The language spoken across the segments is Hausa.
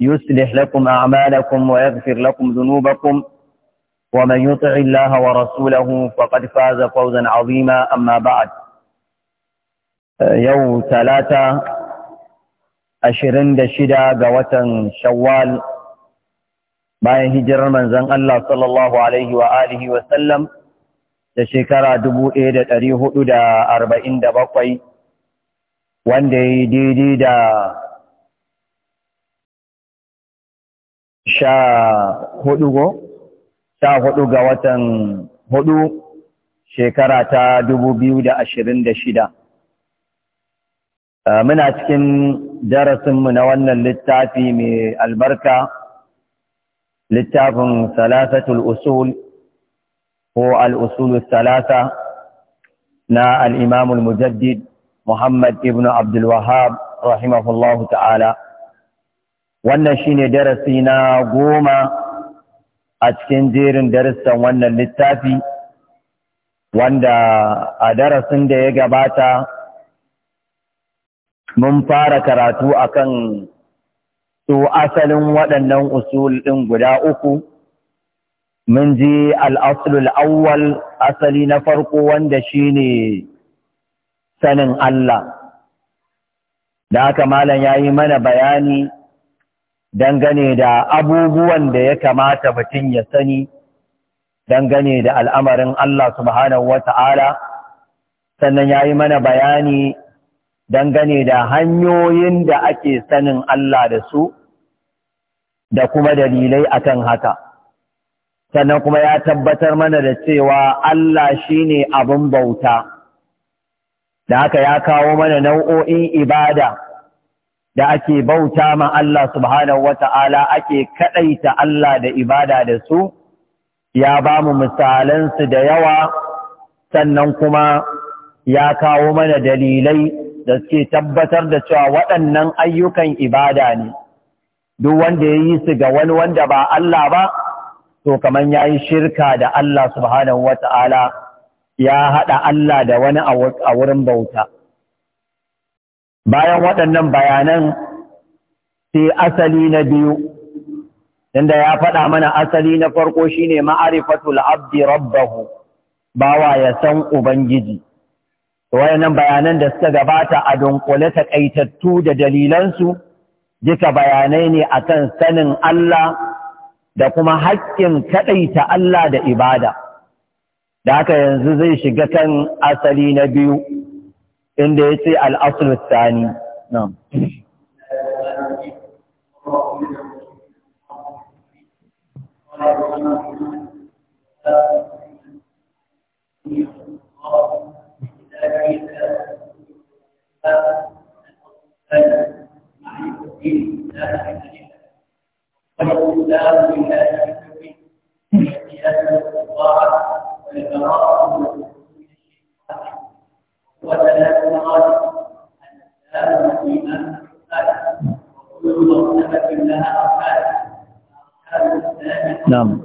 يصلح لكم أعمالكم ويغفر لكم ذنوبكم ومن يطع الله ورسوله فقد فاز فوزا عظيما أما بعد يوم ثلاثة أشرين دشدا قوة شوال bayan hijirar manzon Allah sallallahu alaihi wa alihi wa sallam da shekara 1447 wanda ya daidai da sha hudu go sha hudu ga watan hudu shekara ta dubu biyu da ashirin da shida uh, muna cikin darasinmu na wannan littafi mai albarka littafin salasatul usul ko al'usulul salasa na al'imamul mujaddid Muhammad ibn Abdulwahab rahimahullahu ta'ala wannan shine darasi na goma a cikin jerin darussan wannan littafi wanda a darasin da ya gabata mun fara karatu akan su asalin waɗannan usul ɗin guda uku mun ji al'asulul awwal asali na farko wanda shine sanin Allah da haka malam ya yi mana bayani dangane da abubuwan da ya kamata mutum ya sani dangane da al'amarin Allah subhanahu wa ta'ala, sannan ya yi mana bayani dangane da hanyoyin da ake sanin Allah da su, da kuma dalilai akan haka. Sannan kuma ya tabbatar mana da cewa Allah shi ne abin bauta, da haka ya kawo mana nau'o'in ibada. da ake bauta ma Allah subhanahu ta'ala ake kadaita Allah da ibada da su ya ba mu misalansu da yawa sannan kuma ya kawo mana dalilai da suke tabbatar da cewa waɗannan ayyukan ibada ne duk wanda ya yi su ga wani wanda ba Allah ba to kamar ya yi shirka da Allah subhanahu ta'ala ya haɗa Allah da wani a wurin bauta. bayan waɗannan bayanan sai asali na biyu inda ya faɗa mana asali na farko shine ma'arifatul abdi rabbahu bawa ya san ubangiji wayannan bayanan da suka gabata a dunkule takaitattu da dalilansu duka bayanai ne akan sanin Allah da kuma haƙƙin kaɗaita Allah da ibada da haka yanzu zai shiga kan asali na biyu inda ya ce al'asul tsani nan. Thank you. وثلاث مغارب الإسلام والإيمان والإحسان وكل مرتبة لها أركان نعم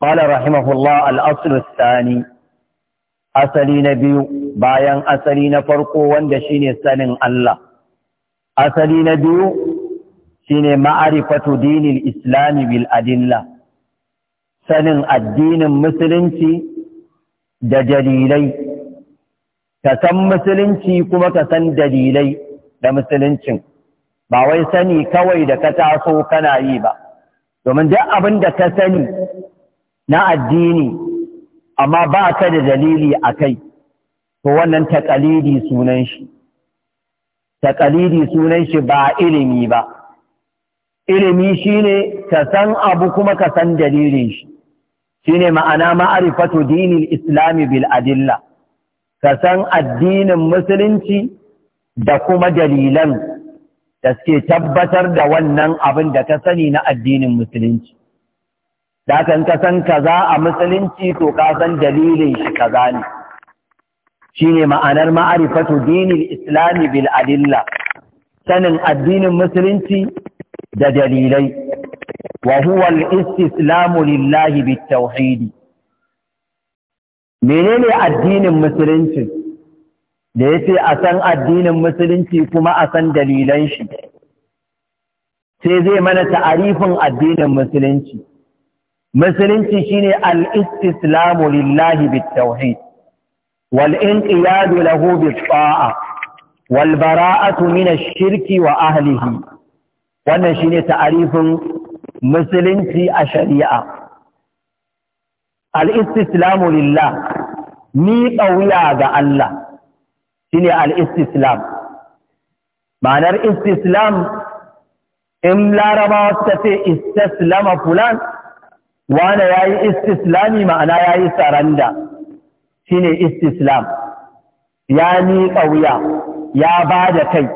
قال رحمه الله الأصل الثاني أصلي نبي بايان أصلي نفرق واندشيني سنن الله أصلي نبي شيني معرفة دين الإسلام بالأدلة sanin addinin musulunci da dalilai ka san musulunci kuma ka san dalilai da musuluncin ba wai sani kawai da ka taso kana yi ba domin duk abin da ka sani na addini amma ba ka da dalili a kai to wannan taƙalidi sunan shi taƙalidi sunan shi ba ilimi ba ilimi shine ka san abu kuma ka san dalilin shi shine ma'ana ma'arifatu dinil islami bil adilla ka san addinin musulunci da kuma dalilan da suke tabbatar da wannan abin da ka sani na addinin musulunci da kan ka san kaza a musulunci to ka san dalilin shi kaza ne shine ma'anar ma'arifatu dinil islami bil adilla sanin addinin musulunci da dalilai wa huwa al-istislamu menene addinin musulunci da yace a san addinin musulunci kuma a san dalilan shi sai zai mana ta'arifin addinin musulunci musulunci shine al-istislamu lillahi bit-tauhid Wal له بالطاعة والبراءة shirki wa ahlihi wannan shine ta'arifin musulunci a shari'a al-istislamu lillah ni wuya ga Allah Shi ne istislam ma'anar istislam in larabawa suka ce istislama fulan wane ya yi istislami ma'ana ya yi saranda shi ne istislam ya ni wuya ya ba da kai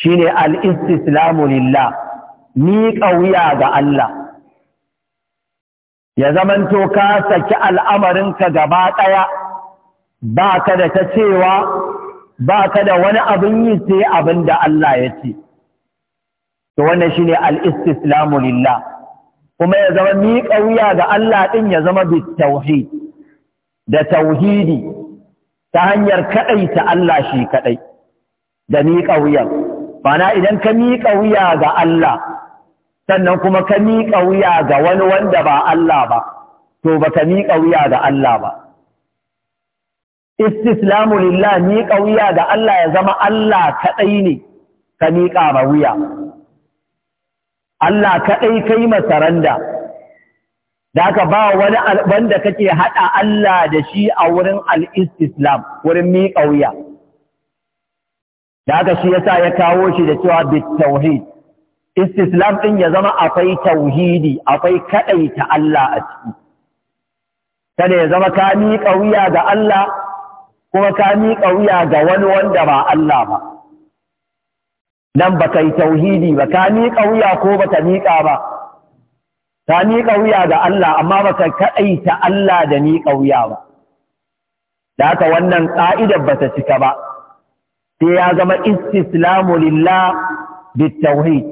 shi ne al'istislamu lillah miƙa wuya ga Allah ya zamanto ka saki al'amarinka gaba ɗaya ba ka da ta cewa ba ka da wani abin yi sai abin da Allah ya ce to wannan shine al-istislamu lillah kuma ya zama miƙa wuya ga Allah ɗin ya zama bi da tauhidi ta hanyar kaɗai ta Allah shi kaɗai da miƙa wuyan Bana idan ka miƙa wuya ga Allah, sannan kuma ka miƙa wuya ga wani wanda ba Allah ba, to ba ka miƙa wuya ga Allah ba. Istislamu lillah miƙa wuya ga Allah ya zama Allah kaɗai ne ka miƙa ba wuya. Allah kaɗai kai masaranda, da aka ba wani wanda kake haɗa Allah da shi a wurin al istislam wurin miƙa wuya. da haka shi yasa ya kawo shi da cewa bit tauhid istislam din ya zama akwai tauhidi akwai ta Allah a ciki kada ya zama ka miƙa wuya ga Allah kuma ka miƙa wuya ga wani wanda ba Allah ba nan ba kai tauhidi ba ka miƙa wuya ko ba ka miƙa ba ka miƙa wuya ga Allah amma ba ka ta Allah da miƙa wuya ba da haka wannan ƙa'idar ba ta cika ba sai ya zama istislamu lillah bitawhid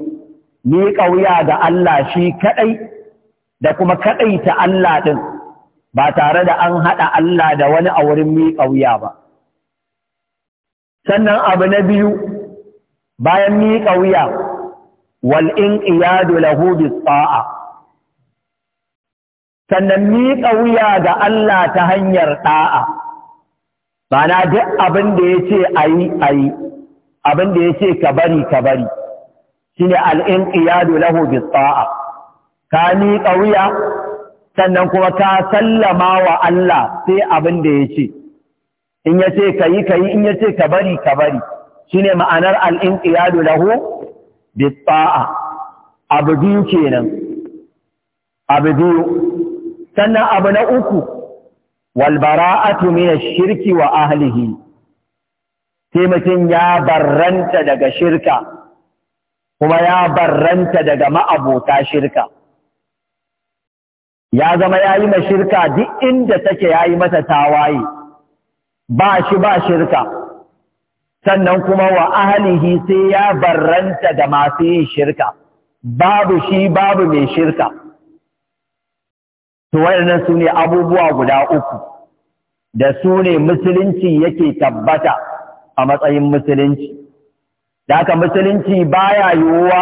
ni kauya ga Allah shi kadai da kuma kadai ta Allah din ba tare da an hada Allah da wani a wurin mi kauya ba sannan abu na biyu bayan mi kauya wal inqiyadu lahu bis sannan mi kauya ga Allah ta hanyar ɗa'a. Ma'ana duk abin da ya ce a yi a yi, abin da ya ce ka bari ka bari, shi ne al'in iyadu lahu bi tsa'a, ka miƙa wuya, sannan kuma ka sallama wa Allah sai abin da ya ce, in ya ce ka yi ka yi, in ya ce ka bari ka bari, shi ne ma'anar al'in iyadu lahu bi tsa'a, abu biyu kenan, abu biyu, sannan abu na uku. walbara'atu mina shirki wa ahlihi sai mutum ya barranta daga shirka kuma ya barranta daga ma'abota shirka ya zama ya yi shirka duk inda take ya yi mata tawaye ba shi ba shirka sannan kuma wa ahlihi sai ya barranta da masu yin shirka babu shi babu mai shirka to waɗannan su abubuwa guda uku da su ne musulunci yake tabbata a matsayin musulunci da haka musulunci baya yiwuwa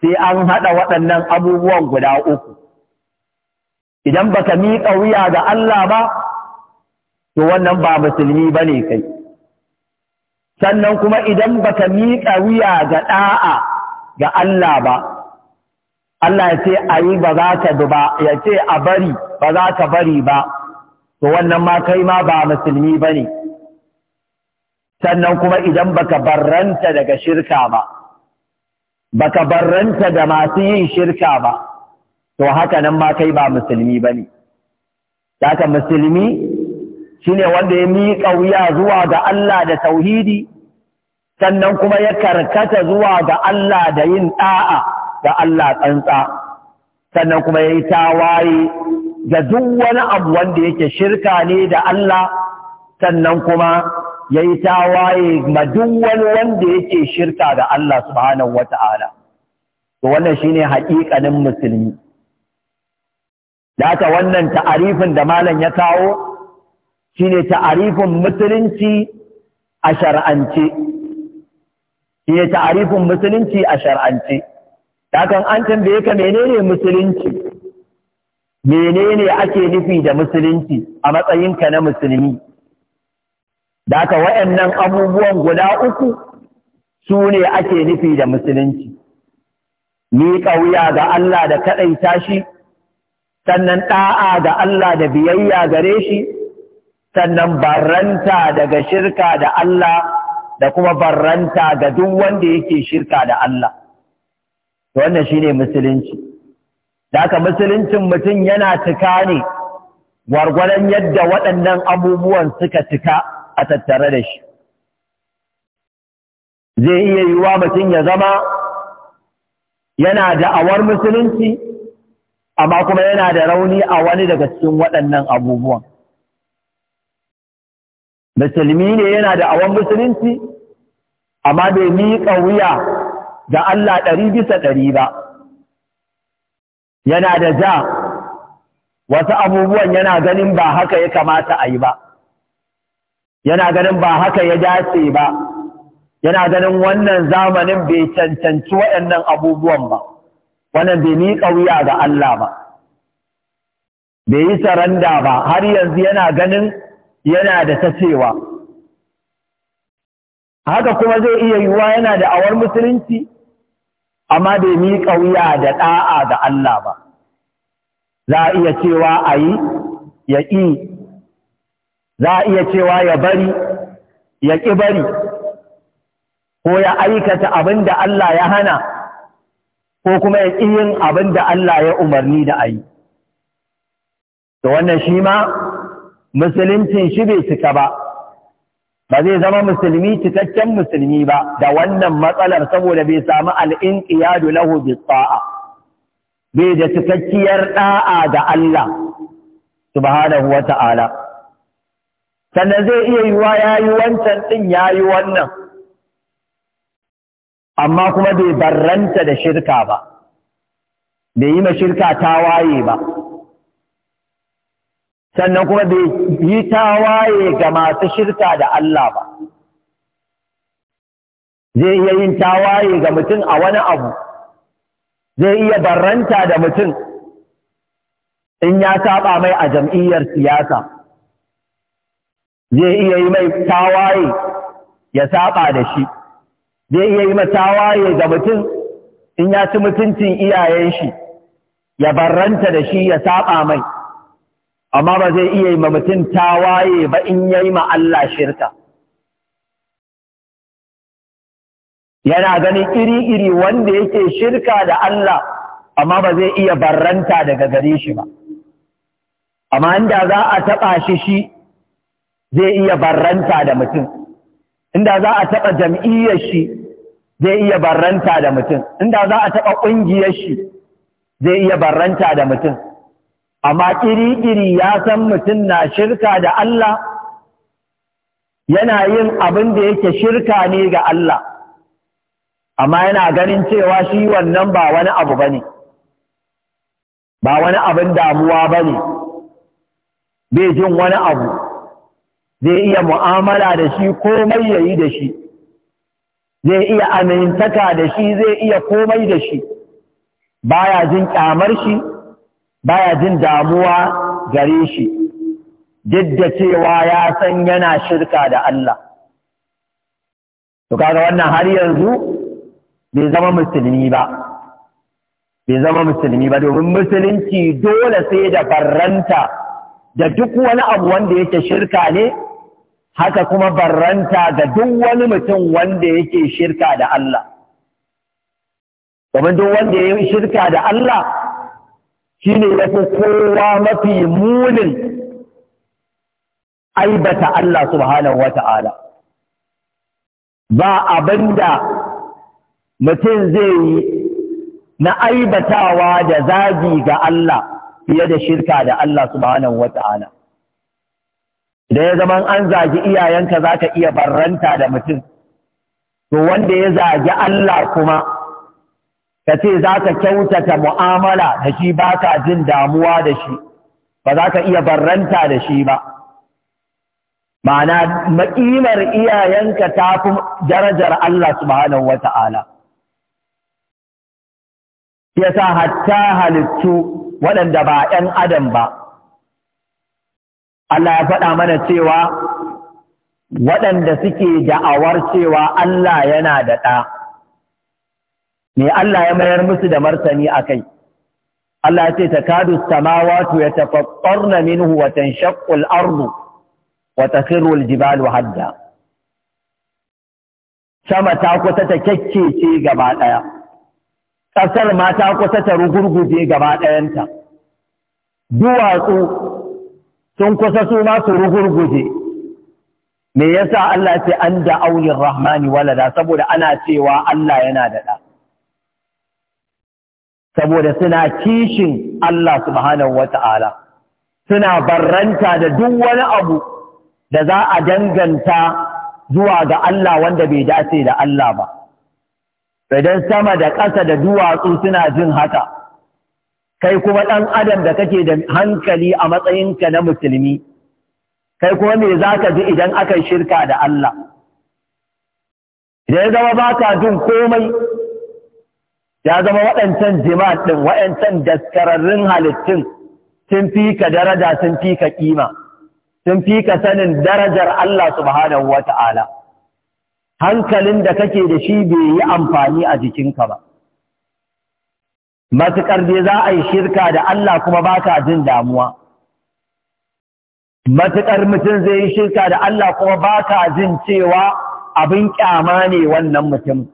sai an haɗa waɗannan abubuwan guda uku idan baka miƙa wuya ga Allah ba to wannan ba musulmi ba ne kai sannan kuma idan baka miƙa wuya ga ɗa'a ga Allah ba Allah ya ce a yi ba za ka bi ya ce a bari ba za bari ba, to wannan ma kai ma ba musulmi ba ne. Sannan kuma idan baka barranta daga shirka ba, baka barranta da masu yin shirka ba, to haka nan ma kai ba musulmi ba ne. Daka musulmi shi ne wanda ya miƙa wuya zuwa ga Allah da tauhidi, sannan kuma ya karkata zuwa ga Allah da yin ɗa'a. da Allah tsantsa sannan kuma ya yi tawaye ga duk wani abu wanda yake shirka ne da Allah sannan kuma ya yi tawaye ma duk wani wanda yake shirka da Allah subhanahu wa ta'ala. To wannan shi ne haƙiƙanin musulmi. Data wannan ta'arifin da malam ya kawo shi ne ta'arifin musulunci a shar'ance. Shi ne ta'arifin musulunci a shar'ance. Dakan an tambaye ka menene musulunci, menene ake nufi da musulunci a matsayinka na musulmi. Daka waɗannan abubuwan guda uku su ne ake nufi da musulunci. Ni wuya ga Allah da kaɗaita shi, sannan ɗa'a ga Allah da biyayya gare shi, sannan barranta daga shirka da Allah da kuma barranta ga duk wanda yake shirka da Allah. to wannan shine musulunci da haka musuluncin mutum yana cika ne gwargwaron yadda waɗannan abubuwan suka cika a tattare da shi zai iya yiwuwa mutum ya zama yana da awar musulunci amma kuma yana da rauni a wani daga cikin waɗannan abubuwan musulmi ne yana da awar musulunci amma bai miƙa wuya da Allah ɗari bisa ɗari ba yana da ja wasu abubuwan yana ganin ba haka ya kamata a yi ba yana ganin ba haka ya dace ba yana ganin wannan zamanin bai cancanci waɗannan abubuwan ba wannan bai ni ƙauya ga Allah ba bai yi saranda ba har yanzu yana ganin yana da ta cewa haka kuma zai iya yiwuwa yana da awar musulunci amma bai miƙa wuya da ɗa'a ga Allah ba za a iya cewa a ya ƙi za a iya cewa ya bari ya ƙi bari ko ya aikata abin da Allah ya hana ko kuma ya ƙi yin abin da Allah ya umarni da ayi. yi da wannan shi ma musuluncin shi bai cika ba ba zai zama musulmi cikakken musulmi ba da wannan matsalar saboda bai samu al'inqiyadu lahu bi ta'a bai da cikakkiyar ɗa'a da Allah subhanahu wa ta'ala sannan zai iya yiwa yi wancan ya yi wannan amma kuma bai barranta da shirka ba bai yi ma shirka ta waye ba sannan kuma bai yi tawaye ga masu shirka da Allah ba zai iya yin tawaye ga mutum a wani abu zai iya barranta da mutum in ya saba mai a jam'iyyar siyasa zai iya yi mai tawaye ya saba da shi zai iya yi tawaye ga mutum in ya ci mutuncin iyayen shi ya barranta da shi ya saba mai amma ba zai iya yi ma mutum ta waye ba in yi ma Allah shirka yana ganin iri-iri wanda yake shirka da Allah amma ba zai iya barranta daga gare shi ba amma inda za a taɓa shi shi zai iya barranta da mutum inda za a taɓa jam'iyyar shi zai iya barranta da mutum inda za a taɓa ƙungiyar shi zai iya barranta da mutum amma ƙiri-ƙiri ya san mutum na shirka da Allah yana yin abin da yake shirka ne ga Allah amma yana ganin cewa shi wannan ba wani abu ba ne ba wani abin damuwa ba ne bai jin wani abu zai iya mu'amala da shi komai yayi yi da shi zai iya amintaka da shi zai iya komai da shi baya jin ƙyamar shi baya jin damuwa gare shi duk da cewa ya san yana shirka da Allah to kaga wannan har yanzu bai zama musulmi ba bai zama musulmi ba domin musulunci dole sai da barranta da duk wani abu wanda yake shirka ne haka kuma barranta ga duk wani mutum wanda yake shirka da Allah domin duk wanda ya shirka da Allah shi ne ya fi kowa mafi munin aibata Allah subhanahu wa ta'ala. Ba abin da mutum zai yi na aibatawa da zagi ga Allah fiye da shirka da Allah subhanahu wa ta'ala. Da ya zama an zagi iyayenka za ka iya barranta da mutum, to wanda ya zagi Allah kuma. ka ce za ka kyautata mu'amala da shi ba ka jin damuwa da shi ba za ka iya barranta da shi ba ma'ana maƙimar iyayenka ta fi darajar Allah subhanahu wa ta'ala ya sa hatta halittu waɗanda ba ‘yan adam ba Allah ya faɗa mana cewa waɗanda suke da'awar cewa Allah yana da ɗa’ me Allah ya mayar musu da martani a kai Allah ya ce takadu samawati yatafattarna minhu wa tanshaqqu al-ardu wa takhiru al-jibalu hadda sama ta kusa ta kyakkece gaba ɗaya. Ƙasar ma ta kusa ta rugurguje gaba ɗayanta. duwatsu sun kusa su ma su rugurguje me yasa Allah ya ce an da aulin rahmani walada saboda ana cewa Allah yana da saboda suna kishin Allah subhanahu ta'ala, suna barranta da duk wani abu da za a danganta zuwa ga Allah wanda bai dace da Allah ba idan sama da ƙasa da duwatsu suna jin haka kai kuma ɗan adam da kake da hankali a matsayinka na musulmi kai kuma me za ka ji idan aka shirka da Allah idan ya zama ba ka jin komai ya zama waɗancan jima'a ɗin waɗancan daskararrun halittun sun fi ka daraja sun fi ka ƙima sun fi ka sanin darajar Allah subhanahu wa ta'ala hankalin da kake da shi bai yi amfani a jikinka ba matuƙar dai za a yi shirka da Allah kuma ba ka jin damuwa matuƙar mutum zai yi shirka da Allah kuma ba ka jin cewa abin ƙyama ne wannan mutum.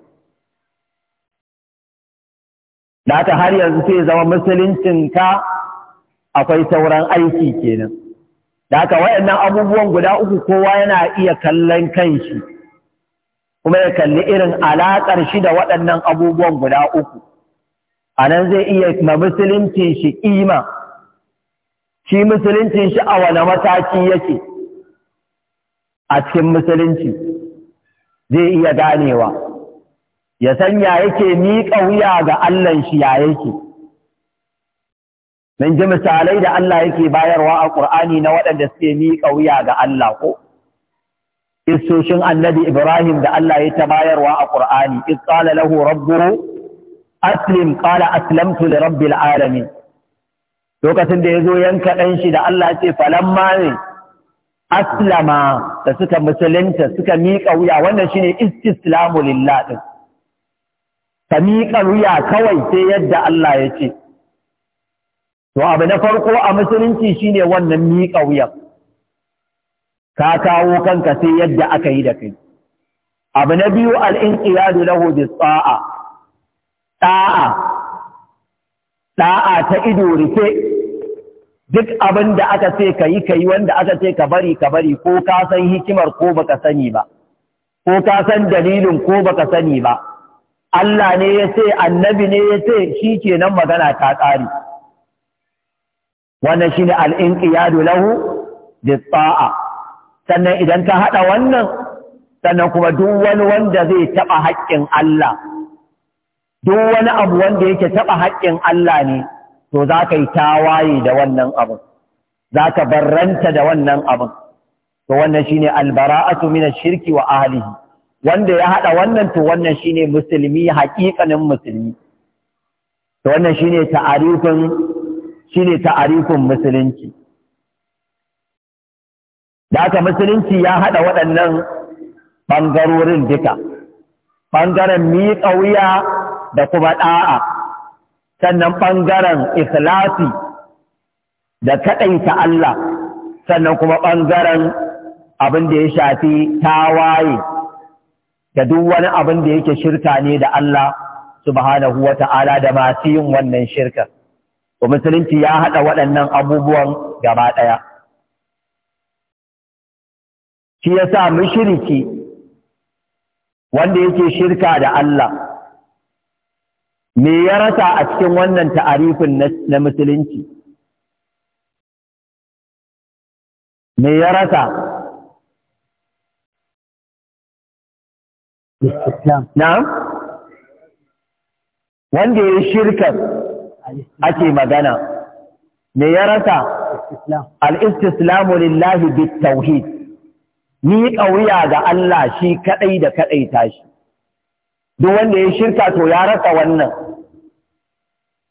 da ta har yanzu sai zama musuluncin ka akwai sauran aiki kenan da haka wayannan abubuwan guda uku kowa yana iya kallon kanshi kuma ya kalli irin alaƙar shi da waɗannan abubuwan guda uku a nan zai iya ma musuluncin shi ƙima shi musuluncin shi a wane mataki yake a cikin musulunci zai iya ganewa ya san ya yake miƙa wuya ga Allahn shi ya yake. Mun ji misalai da Allah yake bayarwa a Ƙur'ani na waɗanda suke miƙa wuya ga Allah ko. Istoshin annabi Ibrahim da Allah ya ta bayarwa a Ƙur'ani, is ƙala lahu rabbuhu aslim ƙala aslamtu li rabbil alamin. Lokacin da ya zo yanka ɗan shi da Allah ce falamma ne aslama da suka musulunta suka miƙa wuya wannan shine istislamu lillah din. ka miƙa wuya kawai sai yadda Allah ya ce to abu na farko a musulunci shine wannan miƙa wuya ka kawo kanka sai yadda aka yi da kai abu na biyu al lahu bis sa'a ɗa'a ta ido rufe duk abin da aka ce ka yi ka yi wanda aka ce ka bari ka bari ko ka san hikimar ko baka sani ba ko ka san dalilin ko baka sani ba Allah ne ya ce annabi ne ya ce shi ke nan magana ta ƙari wannan shi ne ya lahu da tsa'a sannan idan ta haɗa wannan sannan kuma duk wani wanda zai taɓa haƙƙin Allah duk wani abu wanda yake taɓa haƙƙin Allah ne to za ka yi tawaye da wannan abin za ka barranta da wannan abin to wannan shi ne albara'atu mina shirki wa ahalihi wanda ya haɗa wannan to wannan shine musulmi haƙiƙanin musulmi to wannan shine ta'arifin shine ta'arifin musulunci da aka musulunci ya haɗa waɗannan ɓangarorin duka ɓangaren miƙa wuya da kuma ɗa'a sannan ɓangaren ikhlasi da kaɗaita Allah sannan kuma ɓangaren abin da ya shafi tawaye da duk wani abin da yake shirka ne da Allah subhanahu wa ta'ala da masu yin wannan shirka. Ko musulunci ya haɗa waɗannan abubuwan gaba ɗaya. Shi ya sa mushiriki wanda yake shirka da Allah, me ya rasa a cikin wannan ta'arifin na musulunci? Me ya rasa na'am wanda ya yi shirkar ake magana me ya rasa al-istislamu lillahi bi tauhid ni ƙauya ga Allah shi kadai da kadai tashi duk wanda ya shirka to ya rasa wannan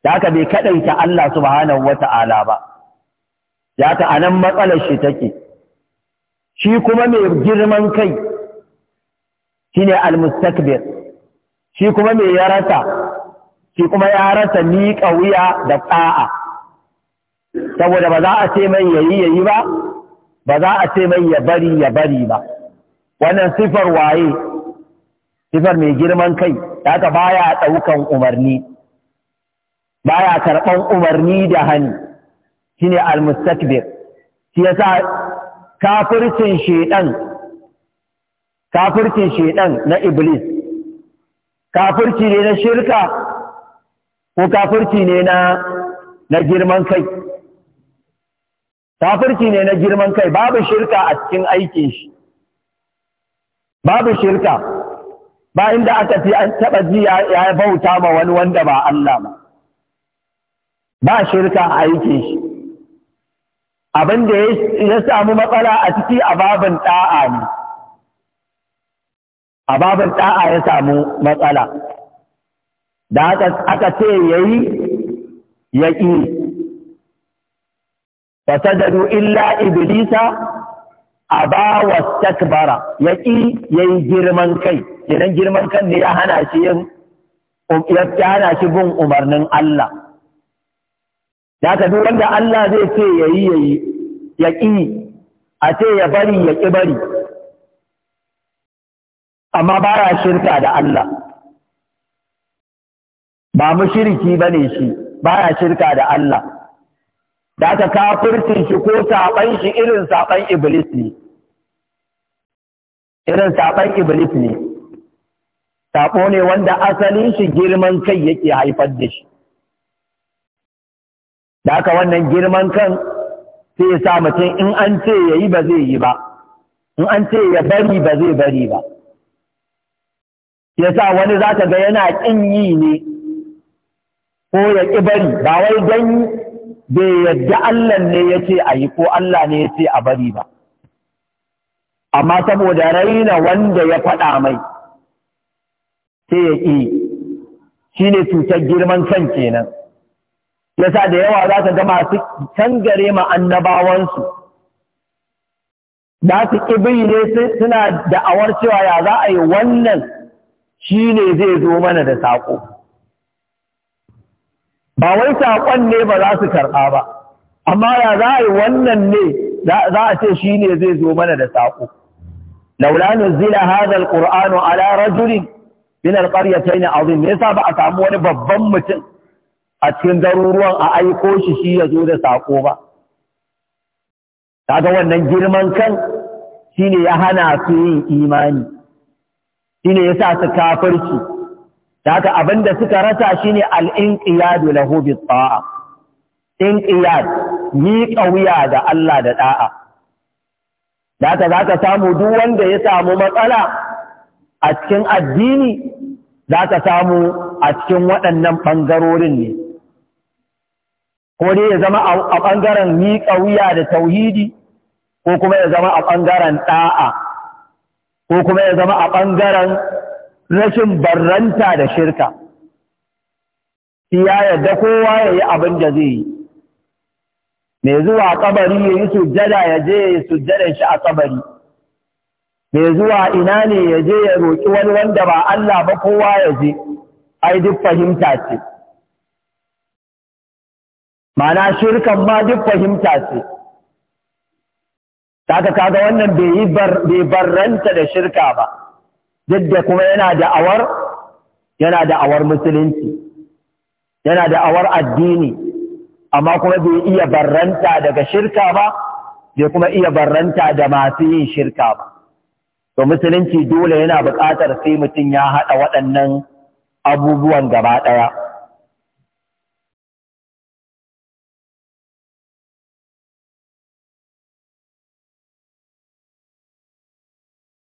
da ka bai ta Allah subhanahu wata'ala ba ya ta anan matsalar shi take shi kuma mai girman kai shine al-mustakbir shi kuma me ya rasa shi kuma ya rasa miƙa wuya da ta'a saboda ba za a ce mai yayi yayi ba ba za a ce mai ya bari ya bari ba wannan sifar waye sifar mai girman kai haka baya ɗaukan umarni baya karɓan umarni da hani shine al-mustakbir shi yasa kafircin shaidan. kafircin shedan na iblis kafirci ne na shirka ko kafirci ne na na girman kai kafirci ne na girman kai babu shirka a cikin aikin shi babu shirka ba inda aka fi an taba ji ya bauta ma wani wanda ba Allah ba ba shirka a aikin shi abin da ya samu matsala a ciki a babin da'a ne a babin ɗa'a ya samu matsala da aka ce ya yi ya ƙi fasajadu illa iblisa a ba wa takbara ya ƙi ya yi girman kai idan girman kan ne ya hana shi yin ya shi bin umarnin Allah da aka duk wanda Allah zai ce ya yi ya yi ya ƙi a ce ya bari ya ƙi bari amma ba ya shirka da Allah ba mushriki bane shi ba ya shirka da Allah da aka kafirci shi ko saban shi irin saban iblis ne irin saban iblis ne sabo ne wanda asalin shi girman kai yake haifar da shi da ka wannan girman kan sai ya sa mutum in an ce ya yi ba zai yi ba in an ce ya bari ba zai bari ba yasa wani za ka ga yana ƙin yi ne ko ya ƙi bari ba wai don bai yadda Allah ne ya ce a yi ko Allah ne ya ce a bari ba amma saboda raina wanda ya faɗa mai sai ya ƙi shi ne cutar girman san kenan yasa da yawa za ka ga masu tangare ma annabawansu za su ƙi ne suna da'awar cewa ya za a yi wannan shi ne zai zo mana da saƙo ba wai saƙon ne ba za su karɓa ba amma ya za a yi wannan ne za a ce shi ne zai zo mana da saƙo laula nuzila hadha alqur'anu ala rajulin min alqaryatayn azim me yasa ba a samu wani babban mutum a cikin garuruwan a aiko shi shi ya zo da saƙo ba kaga wannan girman kan shine ya hana su yin imani shine yasa su kafirci da haka da suka rasa shine al-inqiyadu na bi ta'a ni ƙauya da Allah da ɗa'a. da haka zaka samu duk wanda ya samu matsala a cikin addini za ka samu a cikin waɗannan ɓangarorin ne ko dai ya zama a ɓangaren ni ƙauya da tauhidi ko kuma ya zama a ɓangaren ɗa'a. ko kuma ya zama a ɓangaren rashin barranta da shirka shi ya yarda kowa ya yi abin da zai yi mai zuwa kabari ya yi sujjada ya je ya yi sujjada shi a kabari mai zuwa ina ne ya je ya roƙi wani wanda ba Allah ba kowa ya je ai duk fahimta ce mana shirkan ma duk fahimta ce taka kaga wannan bai barranta da shirka ba, duk da kuma yana da awar, yana da awar musulunci, yana da awar addini, amma kuma bai iya barranta daga shirka ba, bai kuma iya barranta da masu yin shirka ba. To musulunci dole yana buƙatar sai mutum ya haɗa waɗannan abubuwan gaba ɗaya.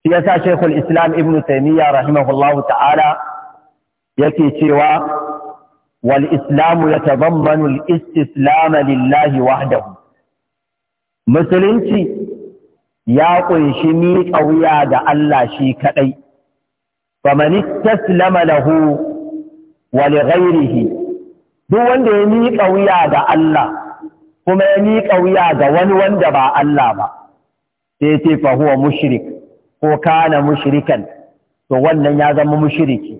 shi yasa Sheikhul Islam Ibn Taymiyyah rahimahullahu ta'ala yake cewa wal islamu ya al istislama lillahi wahdahu musulunci ya kunshi miƙa wuya ga Allah shi kadai faman istaslama lahu wa li duk wanda ya miƙa wuya ga Allah kuma ya miƙa wuya ga wani wanda ba Allah ba sai ce fa huwa mushrik ko kana mushrikan to wannan ya zama mushriki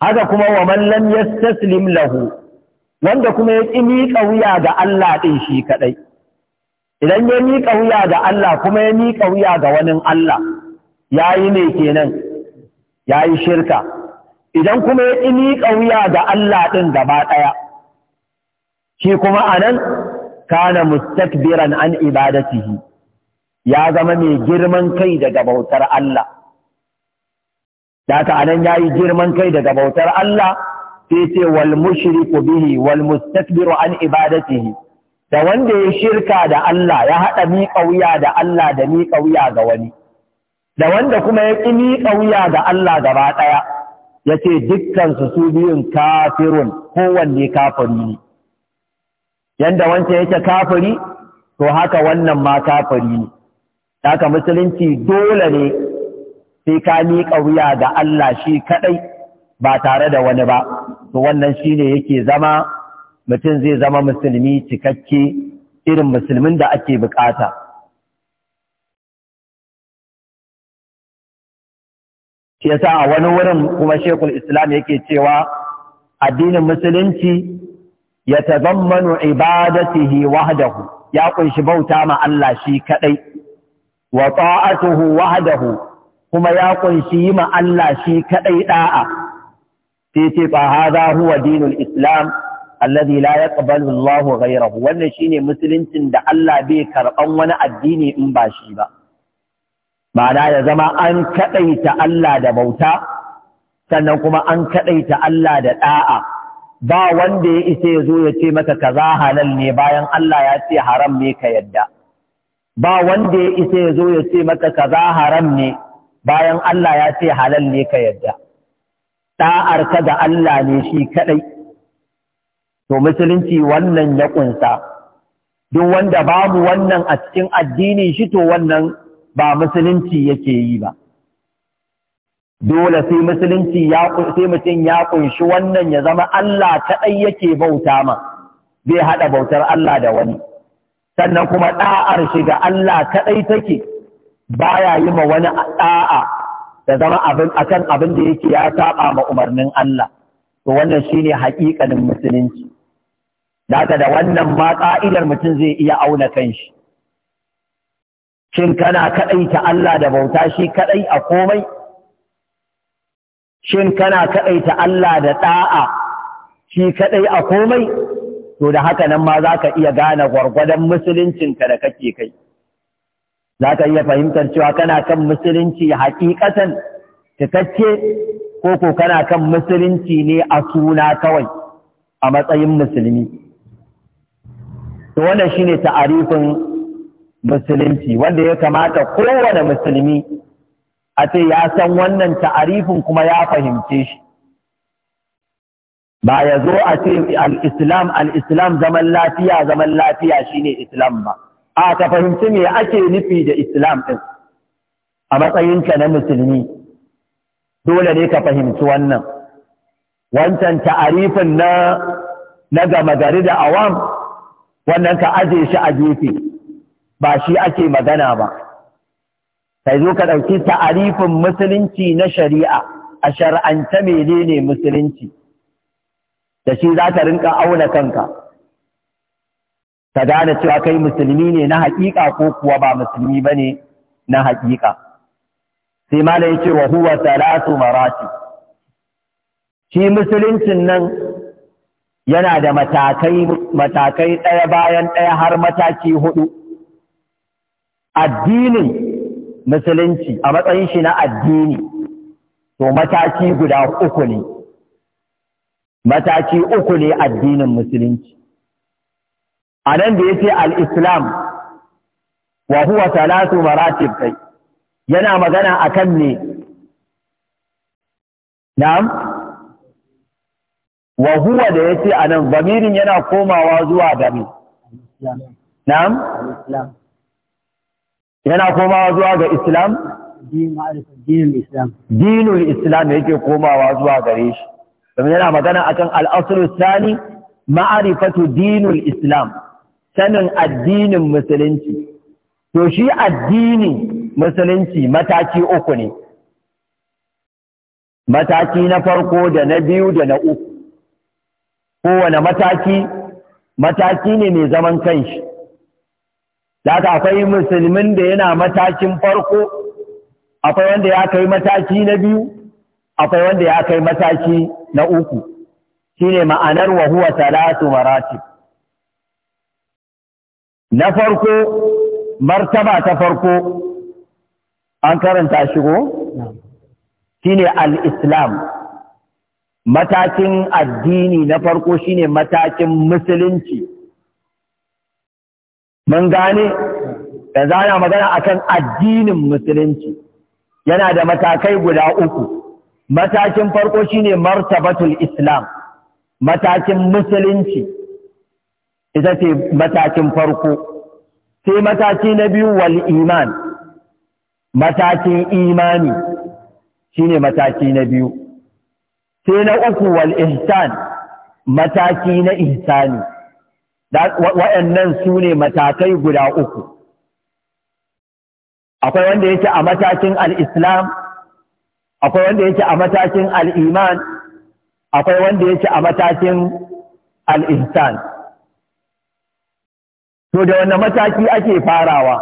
haka kuma wa man lam yastaslim lahu wanda kuma ya kimi kauya wuya ga Allah ɗin shi kaɗai idan ya mika wuya ga Allah kuma ya mika wuya ga wani Allah yayi yi ne kenan ya shirka idan kuma ya kimi kauya wuya ga Allah ɗin gaba ɗaya shi kuma a nan kana mustakbiran an ibadatihi ya zama mai girman kai daga bautar Allah. Daka anan ya yi girman kai daga bautar Allah, sai ce wal mushriku bihi wal mustakbiru an ibadatihi. Da wanda ya shirka da Allah ya haɗa miƙa wuya da Allah da miƙa wuya ga wani. Da wanda kuma ya ƙi miƙa wuya ga Allah gaba ɗaya, ya ce dukkansu su biyun kafirun kowanne kafiri ne. Yanda wancan yake kafiri, to haka wannan ma kafiri ne. Daka musulunci dole ne sai ka miƙa wuya ga Allah shi kaɗai ba tare da wani ba, to wannan shi ne yake zama mutum zai zama musulmi cikakke irin musulmin da ake bukata. Shi yasa a wani wurin kuma Shekul Islam yake cewa addinin musulunci ya zammanu ibadatihi wahdahu ya kunshi bauta ma Allah shi kaɗai. wa ta'atuhu wahdahu kuma ya kunshi yi ma Allah shi kadai da'a sai ce fa huwa dinul islam alladhi la yaqbalu Allah ghayrahu wannan shine musuluncin da Allah bai karban wani addini in ba shi ba ma'ana ya zama an kadaita Allah da bauta sannan kuma an kadaita Allah da da'a ba wanda ya isa ya zo ya ce maka kaza halal ne bayan Allah ya ce haram ne ka yadda ba wanda ya isa ya zo ya ce maka za haram ne bayan Allah ya ce halal ne ka yadda ɗa'arka ga Allah ne shi kaɗai to musulunci wannan ya ƙunsa duk wanda babu wannan a cikin addini shi to wannan ba musulunci yake yi ba dole sai musulunci ya sai mutum ya ƙunshi wannan ya zama Allah kaɗai yake bauta ma zai haɗa bautar Allah da wani sannan kuma ɗa'ar shi ga Allah kaɗai take baya yi ma wani ɗa'a da zama abin kan abin da yake ya saba ma umarnin Allah to wannan shi ne haƙiƙanin musulunci daga da wannan ma ƙa'idar mutum zai iya auna shi. shin kana kaɗai ta Allah da bauta shi kaɗai a komai shin kana kaɗai ta Allah da ɗa'a shi kaɗai a komai to da haka nan ma za ka iya gane gwargwadon musuluncinka da kake kai za ka iya fahimtar cewa kana kan musulunci hakikatan cikakke ko ko kana kan musulunci ne a suna kawai a matsayin musulmi to wannan shine ta'arifin musulunci wanda ya kamata kowane musulmi a ce ya san wannan ta'arifin kuma ya fahimce shi ba ya zo a ce al-islam al-islam zaman lafiya zaman lafiya shine islam ba a ka fahimci me ake nufi da islam din a matsayinka na musulmi dole ne ka fahimci wannan wancan ta'arifin na na gama gari da awam wannan ka aje shi a gefe ba shi ake magana ba sai zo ka ɗauki ta'arifin musulunci na shari'a a shar'anta menene musulunci da shi za ta rinka auna kanka ka gane cewa kai musulmi ne na haƙiƙa ko kuwa ba musulmi ba ne na haƙiƙa sai mala ya ce wa huwa salatu marati shi musuluncin nan yana da matakai matakai ɗaya bayan ɗaya har mataki hudu addinin musulunci a matsayin shi na addini to mataki guda uku ne mataki uku ne addinin musulunci a nan da yake al-islam wa huwa talatu maratib kai yana magana akan ne na'am wa huwa da yace anan zamirin yana komawa zuwa da me na'am yana komawa zuwa ga islam dinin islam dinin islam yake komawa zuwa gare shi domin yana magana akan al'asulu sani ma'arifatu dinul islam sanin addinin musulunci to shi addini musulunci mataki uku ne mataki na farko da na biyu da na uku kowane mataki mataki ne mai zaman kanshi da akwai musulmin da yana matakin farko akwai wanda ya kai mataki na biyu akwai wanda ya kai mataki na uku shine ma'anar wa huwa talatu maratib na farko martaba ta farko an karanta shigo shine al-islam matakin addini na farko shine matakin musulunci mun gane da zana magana akan addinin musulunci yana da matakai guda uku matakin farko shine martabatul islam matakin musulunci ita ce matakin farko sai mataki na biyu wal iman matakin imani shine mataki na biyu sai na uku wal ihsan mataki na ihsani waɗannan su ne matakai guda uku akwai wanda yake a matakin al-islam akwai wanda yake a matakin al'iman akwai wanda yake a matakin al'ihsan to da wanne mataki ake farawa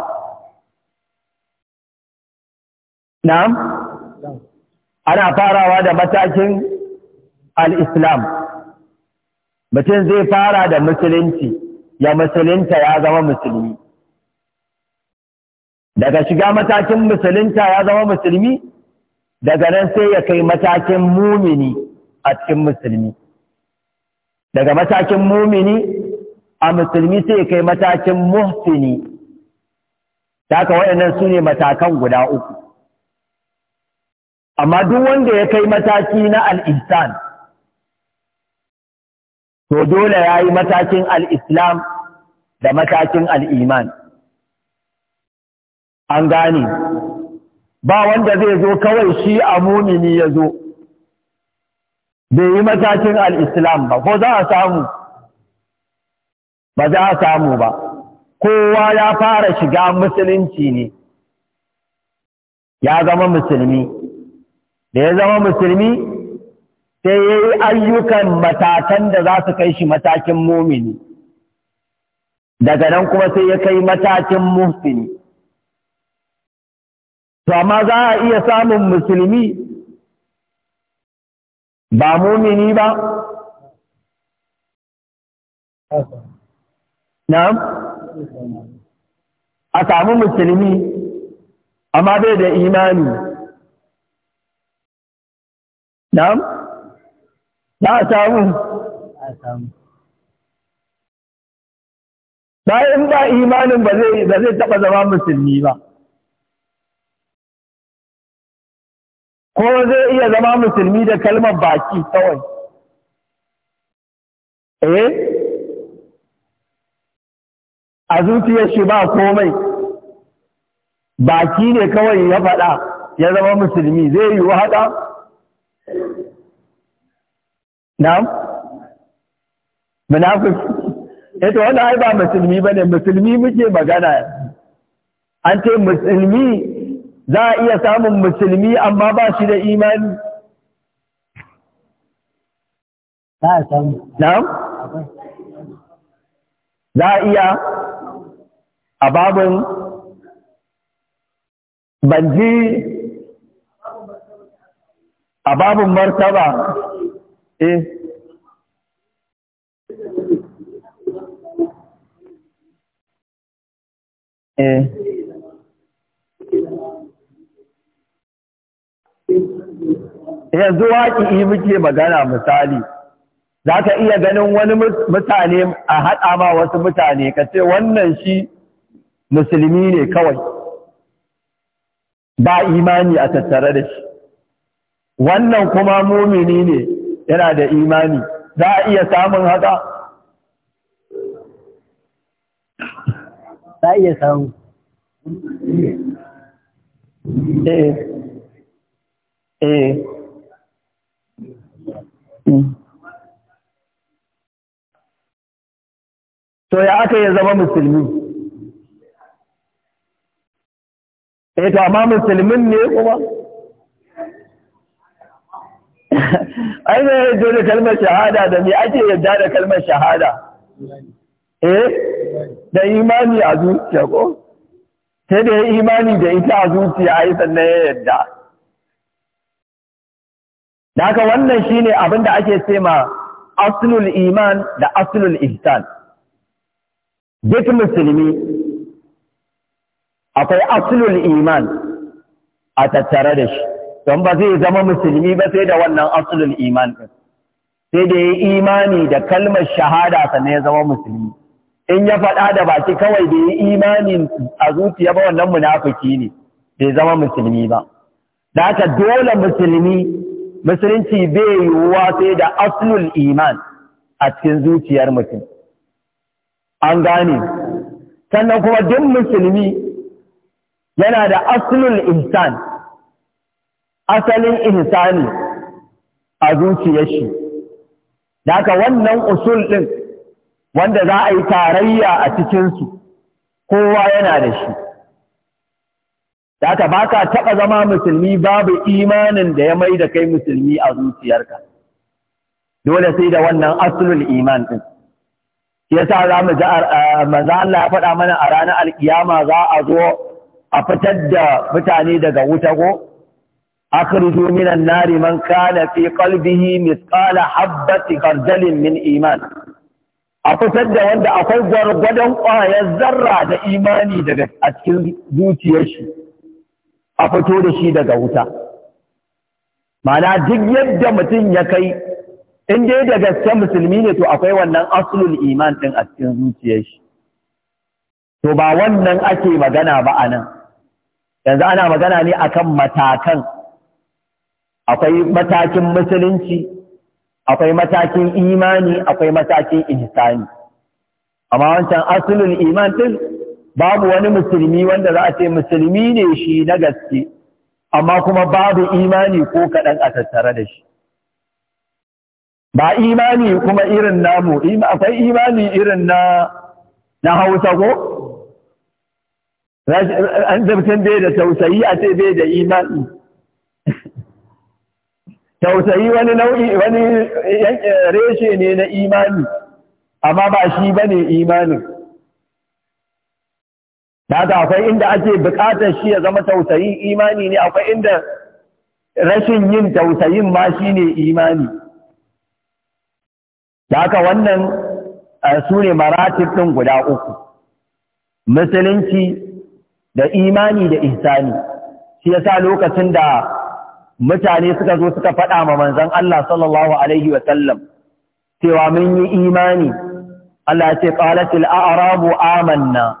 na'am ana farawa da matakin al'islam mutum zai fara da musulunci ya musulunta ya zama musulmi daga shiga matakin musulunta ya zama musulmi daga nan sai ya kai matakin mumini a cikin musulmi daga matakin mumini a musulmi sai ya kai matakin muhsini haka waɗannan su ne matakan guda uku amma duk wanda ya kai mataki na al'ihsan to dole ya yi matakin al'islam da matakin al'iman an gane ba wanda zai zo kawai shi a mumini ya zo bai yi matakin al'islam ba ko za a samu ba za a samu ba kowa ya fara shiga musulunci ne ya zama musulmi da ya zama musulmi sai ya yi ayyukan matakan da za su kai shi matakin mumini daga nan kuma sai ya kai matakin muhsini to amma za a iya samun musulmi ba mumini ba na a samu musulmi amma bai da imani na za a samu bayan ba imanin ba zai taɓa zama musulmi ba ko zai iya zama musulmi da kalmar baki kawai eh a zuciyar shi ba komai baki ne kawai ya faɗa ya zama musulmi zai yi haɗa na Munafis, eto eh, wani ai ba musulmi ba ne musulmi muke magana an ce musulmi za a iya samun musulmi amma ba shi da imani za a samun. za a iya a babin banji a babin martaba eh eh yanzu waƙi muke magana misali za ka iya ganin wani mutane a haɗa ma wasu mutane ka ce wannan shi musulmi ne kawai ba imani a tattare da shi wannan kuma mumini ne yana da imani za a iya samun haka za a iya samun eh. Eh. Hmm. to ya aka yi zama musulmi E, to amma musulmin ne kuma ai ne yadda da kalmar shahada da mai ake yadda da kalmar shahada eh da imani a zuciya ko sai da imani da ita a zuciya a yi sannan ya yadda da haka wannan shine abin da ake ce ma aslul iman da aslul ihsan duk musulmi akwai aslul iman a tattare da shi don ba zai zama musulmi ba sai da wannan aslul iman ɗin sai da ya yi imani da kalmar shahada sannan ya zama musulmi in ya faɗa da baki kawai da ya yi imani a zuciya ba wannan munafiki ne bai zama musulmi ba da haka dole musulmi musulunci bai yiwuwa sai da aslul iman a cikin zuciyar mutum an gane sannan kuma duk musulmi yana da aslul insan asalin insani a zuciyar shi da wannan usul din wanda za a yi tarayya a cikinsu kowa yana da shi da haka ba ka taɓa zama musulmi babu imanin da ya mai da kai musulmi a zuciyarka dole sai da wannan asulul iman ɗin shi yasa za mu manzo Allah ya faɗa mana a ranar alkiyama za a zo a fitar da mutane daga wuta ko akhruju minan nari man kana fi qalbihi mithqala habati khardalin min iman a fitar da wanda akwai gwargwadon ƙwayar zarra da imani daga a cikin zuciyar shi a fito da shi daga wuta mana duk yadda mutum ya kai in dai da gaske musulmi ne to akwai wannan aslul iman ɗin a cikin zuciyar shi to ba wannan ake magana ba a nan yanzu ana magana ne akan matakan akwai matakin musulunci akwai matakin imani akwai matakin ihsani amma wancan aslul iman ɗin babu wani musulmi wanda za a ce musulmi ne shi na gaske amma kuma babu imani ko kaɗan a tattare da shi ba imani kuma irin namu akwai imani irin na hausa ko an zartan bai da tausayi a ce bai da imani tausayi wani nau'i wani eh, reshe ne na imani amma ba shi bane imanin haka akwai inda ake buƙatar shi ya zama tausayi imani ne akwai inda rashin yin tausayin ma shi ne imani haka wannan su ne maratib ɗin guda uku musulunci da imani da ihsani shi yasa lokacin da mutane suka zo suka faɗa ma manzon Allah sallallahu alaihi cewa mun yi imani Allah ya ce qalatil a'rabu amanna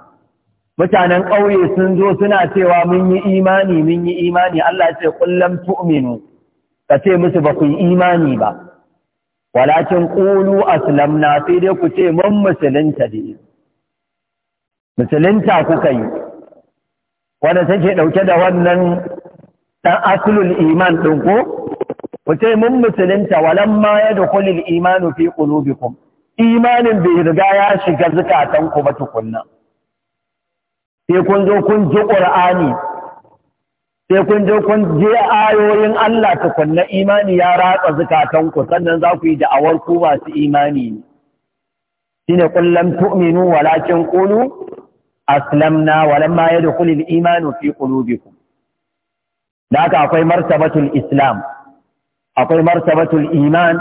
mutanen ƙauye sun zo suna cewa mun yi imani mun yi imani Allah ya ce kullum tu'minu ka ce musu ba ku yi imani ba walakin qulu aslamna sai dai ku ce mun musulunta ne musulunta kuka yi wanda take dauke da wannan dan aslul iman din ko ku ce mun musulunta walamma yadkhulul imanu fi qulubikum imanin bai riga ya shiga ku ba tukunna sai kun zo kun ji ƙur'ani sai kun zo kun je ayoyin Allah tukunna imani ya ratsa zukatanku sannan za ku yi da'awar ku masu imani ne shine kullum tu'minu walakin qulu aslamna walamma yadkhulul imanu fi qulubikum da haka akwai martabatul islam akwai martabatul iman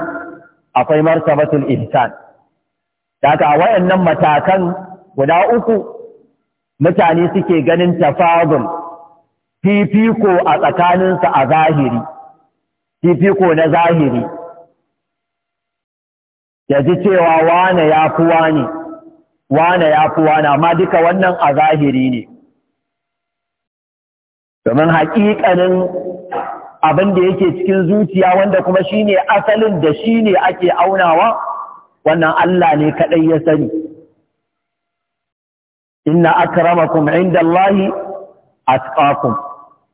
akwai martabatul ihsan da haka wayannan matakan guda uku mutane suke ganin tafadul fifiko a tsakaninsu a zahiri fifiko na zahiri ya ji cewa wane ya fi wane wane ya fi wane amma duka wannan a zahiri ne domin haƙiƙanin abin da yake cikin zuciya wanda kuma shine asalin da shi ne ake aunawa wannan Allah ne kaɗai ya sani inna akramakum indallahi atqakum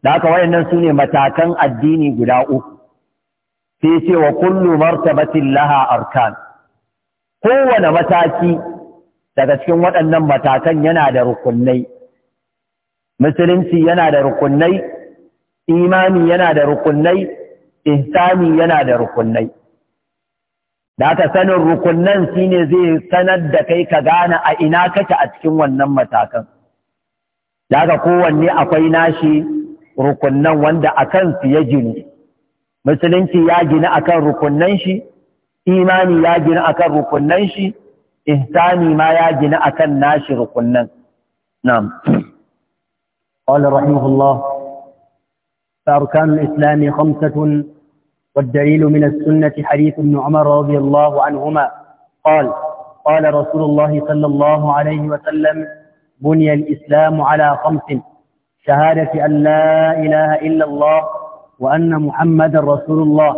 da haka wayannan sune matakan addini guda uku sai ce wa kullu martabatin laha arkan kowane mataki daga cikin waɗannan matakan yana da rukunai musulunci yana da rukunai imani yana da rukunai ihsani yana da rukunai da ka sanin rukunnan shi ne zai sanar da kai ka gane a ina kake a cikin wannan matakan da ka kowanne akwai nashi rukunnan wanda a kansu ya gini musulunci ya gini akan rukunnan shi imani ya gini akan rukunnan shi ihsani ma ya gini akan nashi rukunnan na'am قال رحمه الله فأركان الإسلام خمسة والدليل من السنة حديث ابن عمر رضي الله عنهما قال قال رسول الله صلى الله عليه وسلم بني الإسلام على خمس شهادة أن لا إله إلا الله وأن محمدا رسول الله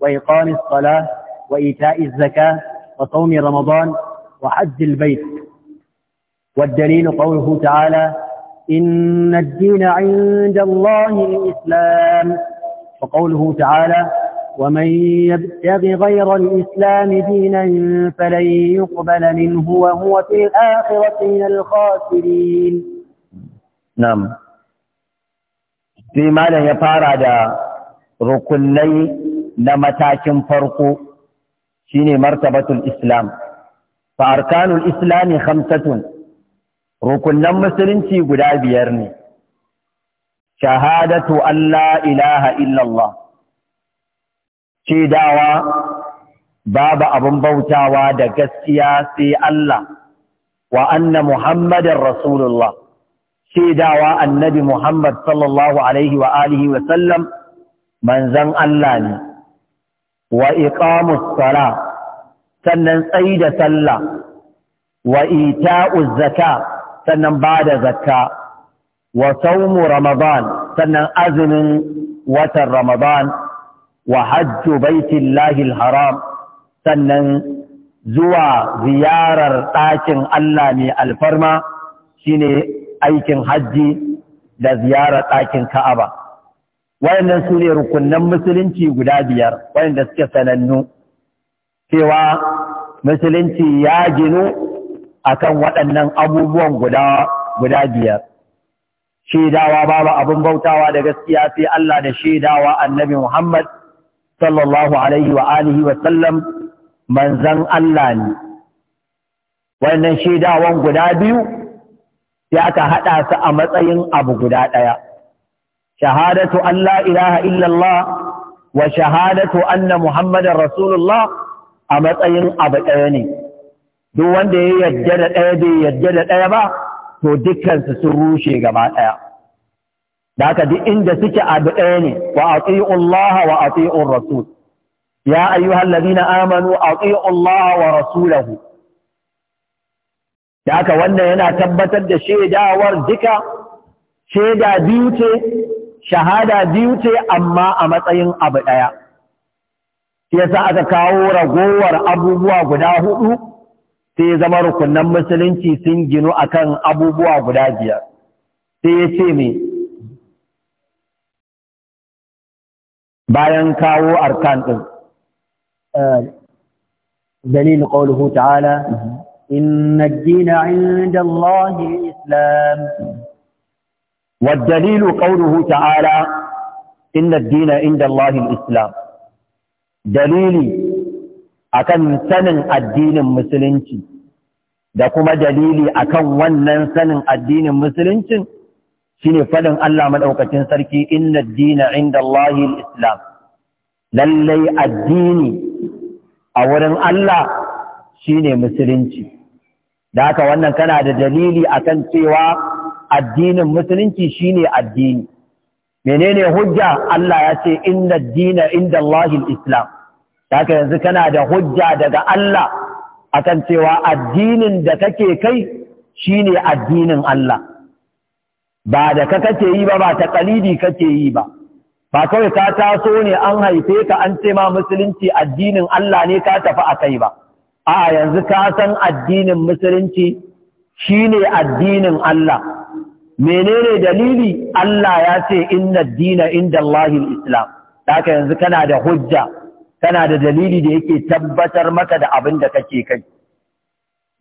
وإقام الصلاة وإيتاء الزكاة وصوم رمضان وحج البيت والدليل قوله تعالى إن الدين عند الله الإسلام وقوله تعالى ومن يبتغ غير الإسلام دينا فلن يقبل منه وهو في الآخرة من الخاسرين نعم في مالا يفارى دا ركني نمتاكم فرق شيني مرتبة الإسلام فأركان الإسلام خمسة ركن مسلم في بيرني شهادة أن لا إله إلا الله shaidawa babu abin bautawa da gaskiya sai Allah wa anna Muhammadar Rasulullah shaidawa annabi Muhammad sallallahu alaihi wa alihi wa sallam manzan Allah ne wa iqamus sala sannan tsayi da sallah wa ita'u zaka sannan bada zakka wa saumu ramadan sannan azumin watan ramadan wa hajju baitillahi haram sannan zuwa ziyarar ɗakin Allah mai alfarma shine aikin hajji da ziyarar ɗakin Ka'aba wayannan su ne rukunnan musulunci guda biyar wayanda suke sanannu cewa musulunci ya ginu akan waɗannan abubuwan guda guda biyar shaidawa babu abin bautawa da gaskiya sai Allah da shaidawa annabi Muhammad sallallahu alaihi wa alihi wa sallam manzan Allah ne wannan shaidawan guda biyu sai aka haɗa su a matsayin abu guda ɗaya shahadatu Allah ilaha illallah wa shahadatu anna muhammadar rasulullah a matsayin abu ɗaya ne duk wanda ya yarda da ɗaya bai yarda da ɗaya ba to dukkansu sun rushe gaba ɗaya da aka duk inda suke abu ɗaya ne wa ati'u Allah wa ati'u Rasul ya ayyuhal na amanu ati'u Allah wa rasulahu da aka wannan yana tabbatar da shaidawar duka shaida biyu ce shahada biyu ce amma a matsayin abu ɗaya Ya yasa aka kawo ragowar abubuwa guda hudu sai zama rukunan musulunci sun ginu akan abubuwa guda biyar sai ya ce mai bayan kawo arkan ɗin dalilin ƙaunuhu ta'ala inna dina inda Allah islam Wa والدليل قوله ta'ala, inna dina عند الله islam. Dalili akan sanin addinin musulunci, da kuma dalili akan wannan sanin addinin musuluncin shine fadin Allah madaukakin sarki inna dina inda Allahi islam lallai addini a wurin Allah shine musulunci da haka wannan kana da dalili akan cewa addinin musulunci shine addini menene hujja Allah ya ce inna dina inda Allahi islam da haka yanzu kana da hujja daga Allah akan cewa addinin da kake kai shine addinin Allah ba da ka kake yi ba ba ta kalidi kake yi ba ba kawai ka taso ne an haife ka an ce ma musulunci addinin Allah ne ka tafi a kai ba a yanzu ka san addinin musulunci shine addinin Allah menene dalili Allah ya ce inna dina inda Allahil Islam haka yanzu kana da hujja kana da dalili da yake tabbatar maka da abin da kake kai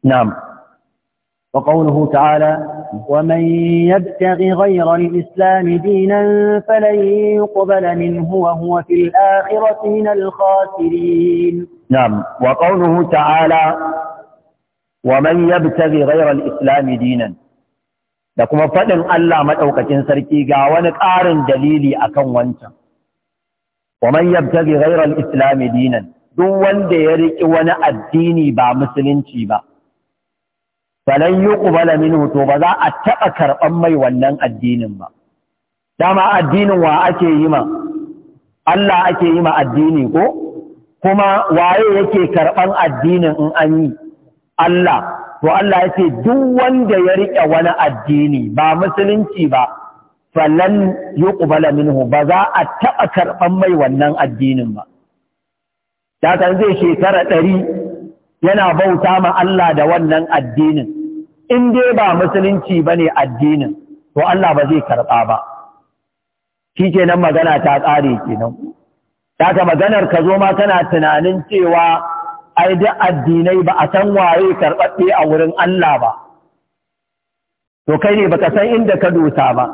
na'am wa qawluhu ta'ala ومن يبتغ غير الإسلام دينا فلن يقبل منه وهو في الآخرة من الخاسرين نعم وقوله تعالى ومن يبتغي غير الإسلام دينا لكم فضل ألا مدوكتين سركي غاوان آرن دليلي أكن وانت ومن يبتغي غير الإسلام دينا دون wanda وانا الديني با addini شيبا falan ƙubala minhu to ba za a taɓa karɓan mai wannan addinin ba dama addinin wa ake yi ma Allah ake yi ma addini ko kuma waye yake karɓan addinin in an yi Allah to Allah ya ce duk wanda ya riƙe wani addini ba musulunci ba falan yuqbala minhu ba za a taɓa karɓan mai wannan addinin ba ta zai shekara ɗari yana bauta ma Allah da wannan addinin in dai ba musulunci ba ne addinin to Allah ba zai karɓa ba shi nan magana ta ƙare kenan daga maganar ka zo ma tana tunanin cewa ai duk addinai ba a san waye karɓaɓɓe a wurin Allah ba to kai ne baka san inda ka dosa ba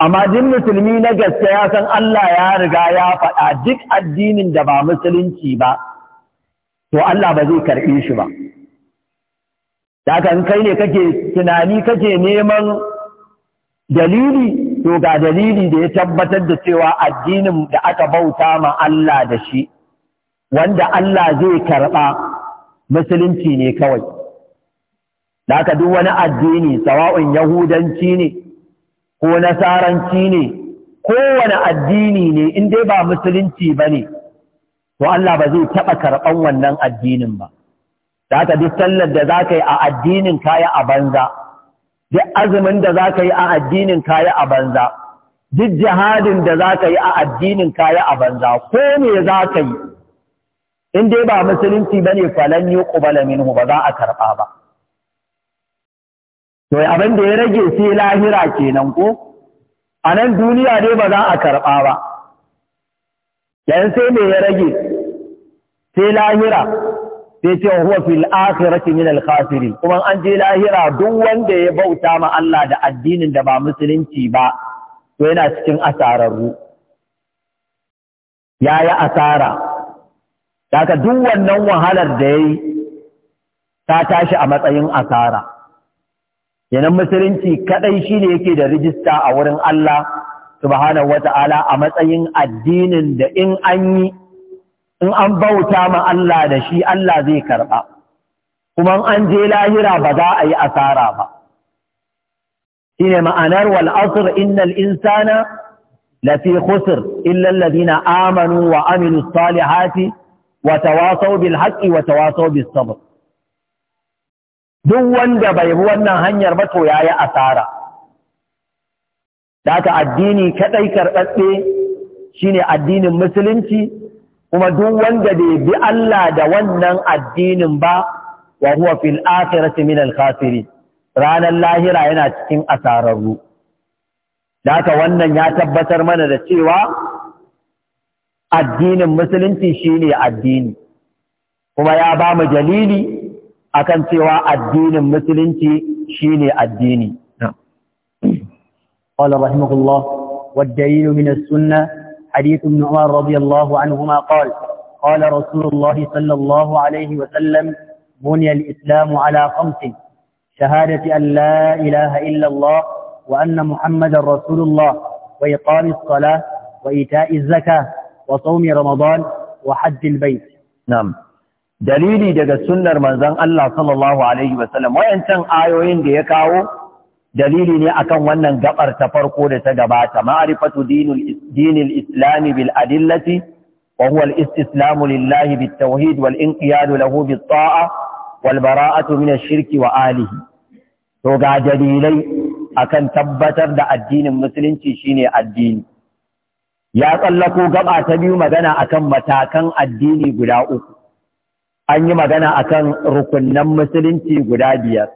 amma duk musulmi na gaske ya san Allah ya riga ya faɗa duk addinin da ba musulunci ba to Allah ba zai karɓe shi ba da kan kai ne kake tunani kake neman dalili to ga dalili da ya tabbatar da cewa addinin da aka bauta ma Allah da shi wanda Allah zai karɓa musulunci ne kawai da ka duk wani addini sawa'un yahudanci ne ko nasaranci ne kowane addini ne in dai ba musulunci ba ne to Allah ba zai taɓa karɓan wannan addinin ba za ka bi sallar da za ka yi a addinin kaya a banza duk azumin da za ka yi a addinin kaya a banza duk jihadin da za ka yi a addinin kaya a banza ko me za ka yi in dai ba musulunci ba ne falon yi ƙubala minhu ba za a karɓa ba to abin da ya rage sai lahira kenan ko a nan duniya ne ba za a karɓa ba yan sai me ya rage sai lahira sai ce huwa fil akhirati min al khasirin kuma an je lahira duk wanda ya bauta ma Allah da addinin da ba musulunci ba to yana cikin asararru yayi asara daga duk wannan wahalar da yayi ta tashi a matsayin asara kenan musulunci kadai shine yake da rijista a wurin Allah subhanahu wata'ala a matsayin addinin da in an yi in an bauta ma Allah da shi Allah zai karɓa, kuma an je lahira ba za a yi asara ba. Shi ne ma'anar wal'asur innal insana lafi khusr illal ladina amanu wa aminu salihati wa tawasau bil haqqi wa tawasau bis sabr. Duk wanda bai bi wannan hanyar ba to yayi asara. Da addini kadai karɓaɓɓe shine addinin musulunci kuma duk wanda bai bi Allah da wannan addinin ba wa huwa fil akhirati min al ranar lahira yana cikin asararru Daka wannan ya tabbatar mana da cewa addinin musulunci shine addini kuma ya ba mu dalili akan cewa addinin musulunci shine addini قال رحمه الله والدليل من السنه حديث ابن عمر رضي الله عنهما قال قال رسول الله صلى الله عليه وسلم بني الإسلام على خمس شهادة أن لا إله إلا الله وأن محمد رسول الله وإقام الصلاة وإيتاء الزكاة وصوم رمضان وحج البيت نعم dalili daga sunnar manzon Allah sallallahu alaihi wasallam wayancan ayoyin da ya kawo dalili ne akan wannan gabar ta farko da ta gabata ma'rifatu dinil islami bil adillati wa huwa al istislamu lillahi bit tauhid wal inqiyadu lahu bit ta'a wal bara'atu min ash-shirki wa alihi to ga dalilai akan tabbatar da addinin musulunci shine addini ya tsallako gaba ta biyu magana akan matakan addini guda uku an yi magana akan rukunnan musulunci guda biyar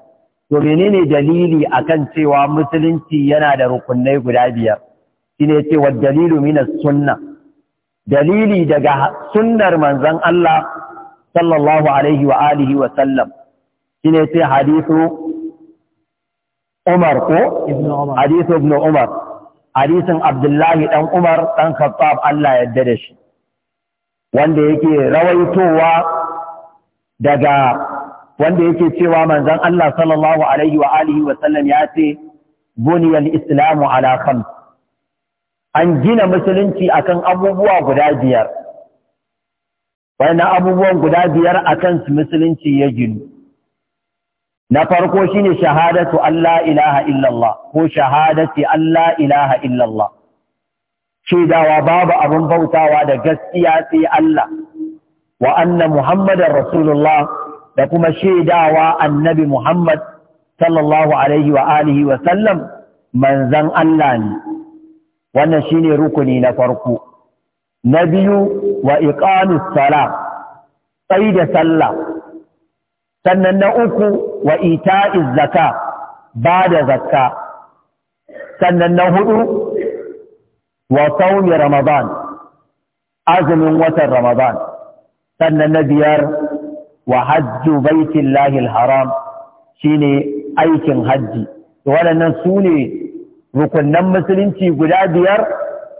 to menene dalili akan cewa musulunci yana da rukunai guda biyar shine ce wa dalilu mina sunna dalili daga sunnar manzon Allah sallallahu alaihi wa alihi wa sallam shine ce hadithu Umar ko hadithu ibn Umar hadisin Abdullahi dan Umar dan Khattab Allah yadda yarda da shi wanda yake rawaitowa daga wanda yake cewa manzon Allah sallallahu alaihi wa alihi wa sallam ya ce buniyal islamu ala an gina musulunci akan abubuwa guda biyar wannan abubuwan guda biyar akan musulunci ya ginu na farko shine shahadatu Allah ilaha illallah ko shahadati Allah ilaha illallah shaidawa babu abin bautawa da gaskiya sai Allah wa anna muhammadar rasulullah da kuma shaidawa annabi Muhammad sallallahu alaihi wa alihi wa sallam manzan Allah ne wannan shine rukuni na farko na biyu wa iqamus sala tsayi da sallah sannan na uku wa ita'iz zaka ba da zakka sannan na hudu wa saumi ramadan azumin watan ramadan sannan na biyar wa hajju baitillahi haram shine aikin hajji waɗannan su ne rukunnan musulunci guda biyar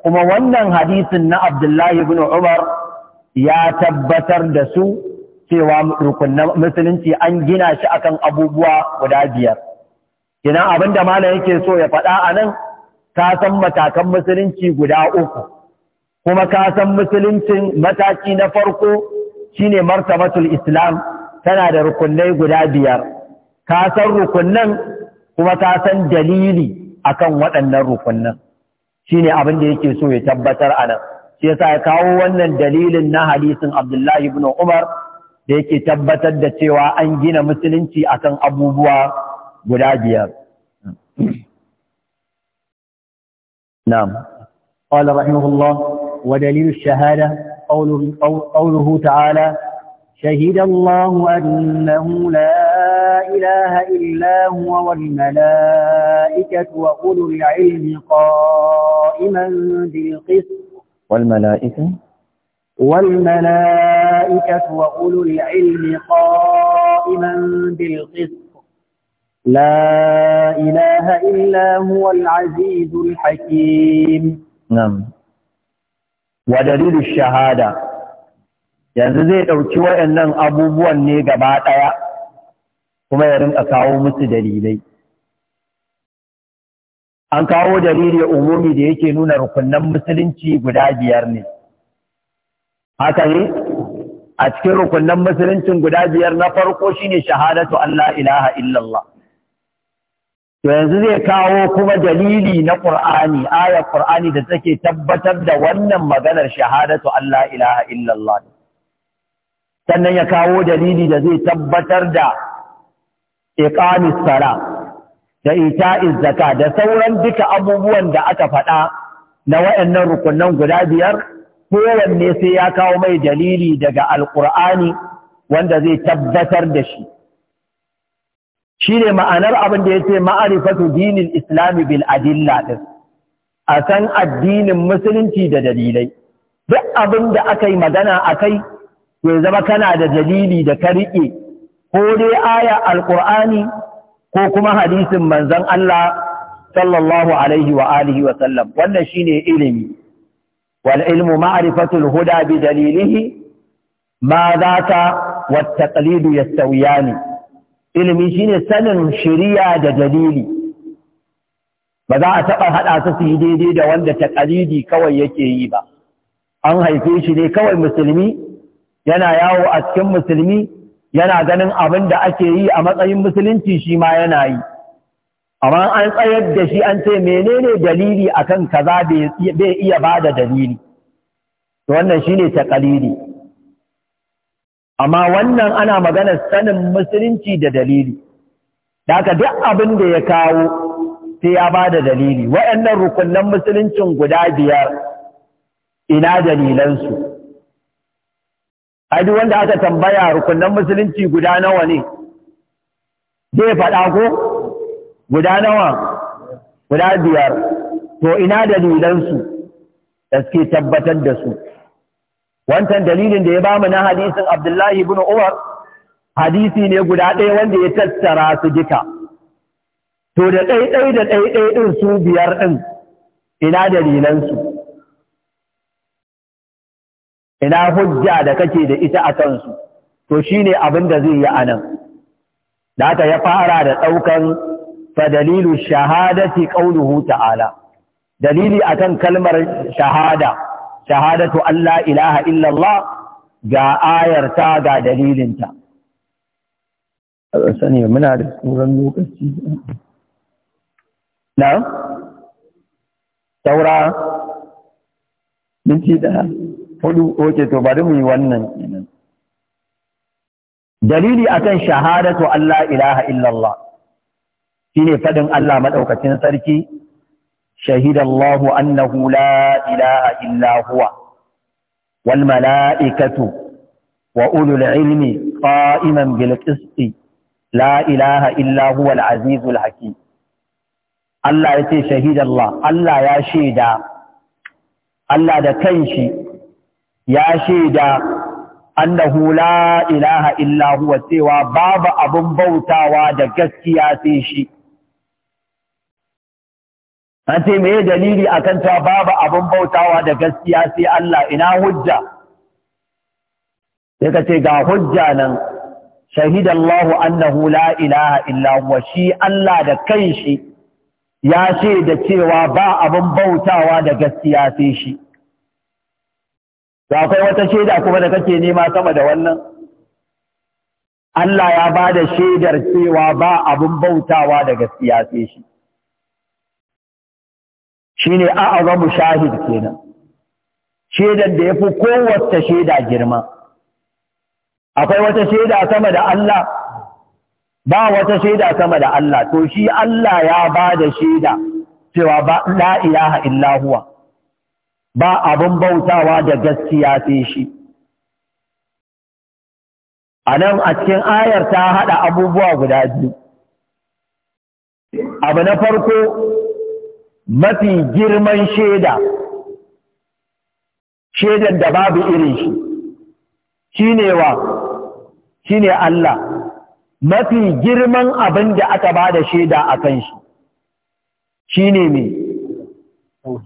kuma wannan hadisin na abdullahi ibn umar ya tabbatar da su cewa rukunan musulunci an gina shi akan abubuwa guda biyar Ina abin da malam yake so ya faɗa a nan ka san matakan musulunci guda uku kuma ka san musuluncin mataki na farko shine martabatul islam tana da rukunai guda biyar ka san rukunnan kuma ka san dalili akan waɗannan rukunnan shine abin da yake so ya tabbatar a nan shi yasa ya kawo wannan dalilin na hadisin Abdullahi ibn Umar da yake tabbatar da cewa an gina musulunci akan abubuwa guda biyar na'am qala shahada قوله, قوله تعالى شهد الله أنه لا إله إلا هو والملائكة وأولو العلم قائما بالقسط والملائكة والملائكة وأولو العلم قائما بالقسط لا إله إلا هو العزيز الحكيم نعم wa dalilin shahada yanzu zai ɗauki wayannan abubuwan ne gaba ɗaya kuma ya rinka kawo musu dalilai an kawo dalili umumi da yake nuna rukunan musulunci guda biyar ne haka ne a cikin rukunan musuluncin guda biyar na farko shine shahadatu Allah ilaha illallah to yanzu zai kawo kuma dalili na Qur'ani ayar Qur'ani da take tabbatar da wannan maganar shahadatu Allah ilaha illallah sannan ya kawo dalili da zai tabbatar da iqamis sala da ita'iz zaka da sauran duka abubuwan da aka faɗa na waɗannan rukunan guda biyar kowanne sai ya kawo mai dalili daga alƙur'ani wanda zai tabbatar da shi shine ma'anar abin da yace ma'arifatu dinil islami bil adilla din a san addinin musulunci da dalilai duk abin da aka yi magana a kai ya zama kana da dalili da ka riƙe ko dai aya alƙur'ani ko kuma hadisin manzon Allah sallallahu alaihi wa alihi wa sallam wannan shine ilimi wal ilmu ma'rifatul huda bi dalilihi ma zaka wat taqlidu yastawiyani ilimi shine sanin shiriya da dalili ba za a taɓa haɗa su su yi daidai da wanda taƙalidi kawai yake yi ba an haife shi ne kawai musulmi yana yawo a cikin musulmi yana ganin abin da ake yi a matsayin musulunci shi ma yana yi amma an tsayar da shi an ce menene dalili akan kaza bai iya ba da dalili wannan shine taƙalidi amma wannan ana maganar sanin musulunci da dalili aka duk abin da ya kawo sai ya ba da dalili waɗannan rukunan musuluncin guda biyar ina dalilansu duk wanda aka tambaya rukunan musulunci guda nawa ne zai faɗa ko guda nawa guda biyar to ina dalilansu da suke tabbatar da su wancan dalilin da ya bamu na hadisin Abdullahi ibn Umar hadisi ne guda ɗaya wanda ya tattara su duka to da ɗaiɗai da ɗaiɗai ɗin su biyar ɗin ina dalilansu ina hujja da kake da ita a kansu to shine abin da zai yi a nan da haka ya fara da ɗaukan fadalilu shahadati ƙaunuhu ta'ala dalili akan kalmar shahada shahadatu Allah ilaha illallah ga ayarta ga dalilinta. sani muna da tsoron lokaci. Na? Saura minti da hudu oke to bari mu yi wannan kenan. Dalili akan shahadatu Allah ilaha illallah shine faɗin Allah maɗaukacin sarki شهد الله أنه لا إله إلا هو والملائكة وأولو العلم قائما بالقسط لا إله إلا هو العزيز الحكيم Allah ya ce shahid Allah, ya shaida, Allah da annahu la ilaha illahu cewa babu abun bautawa da gaskiya sai shi. an ce me dalili akan cewa babu abin bautawa da gaskiya sai Allah ina hujja sai ka ce ga hujja nan shahidallahu annahu la ilaha illa huwa shi Allah da kanshi ya ce da cewa ba abin bautawa da gaskiya sai shi da akwai wata shaida kuma da kake nema sama da wannan Allah ya ba da shaidar cewa ba abin bautawa da gaskiya sai shi shine a'azamu shahid kenan Shaidar da ya fi kowace shaida girma akwai wata shaida sama da Allah ba wata shaida sama da Allah to shi Allah ya ba da shaida cewa ba la ilaha illa ba abin bautawa da gaskiya sai shi a nan a cikin ayar ta haɗa abubuwa guda biyu abu na farko mafi girman shaida shaidan da babu irin shi shi ne wa Shi ne Allah mafi girman abin da aka ba da shaida a kan shi ne me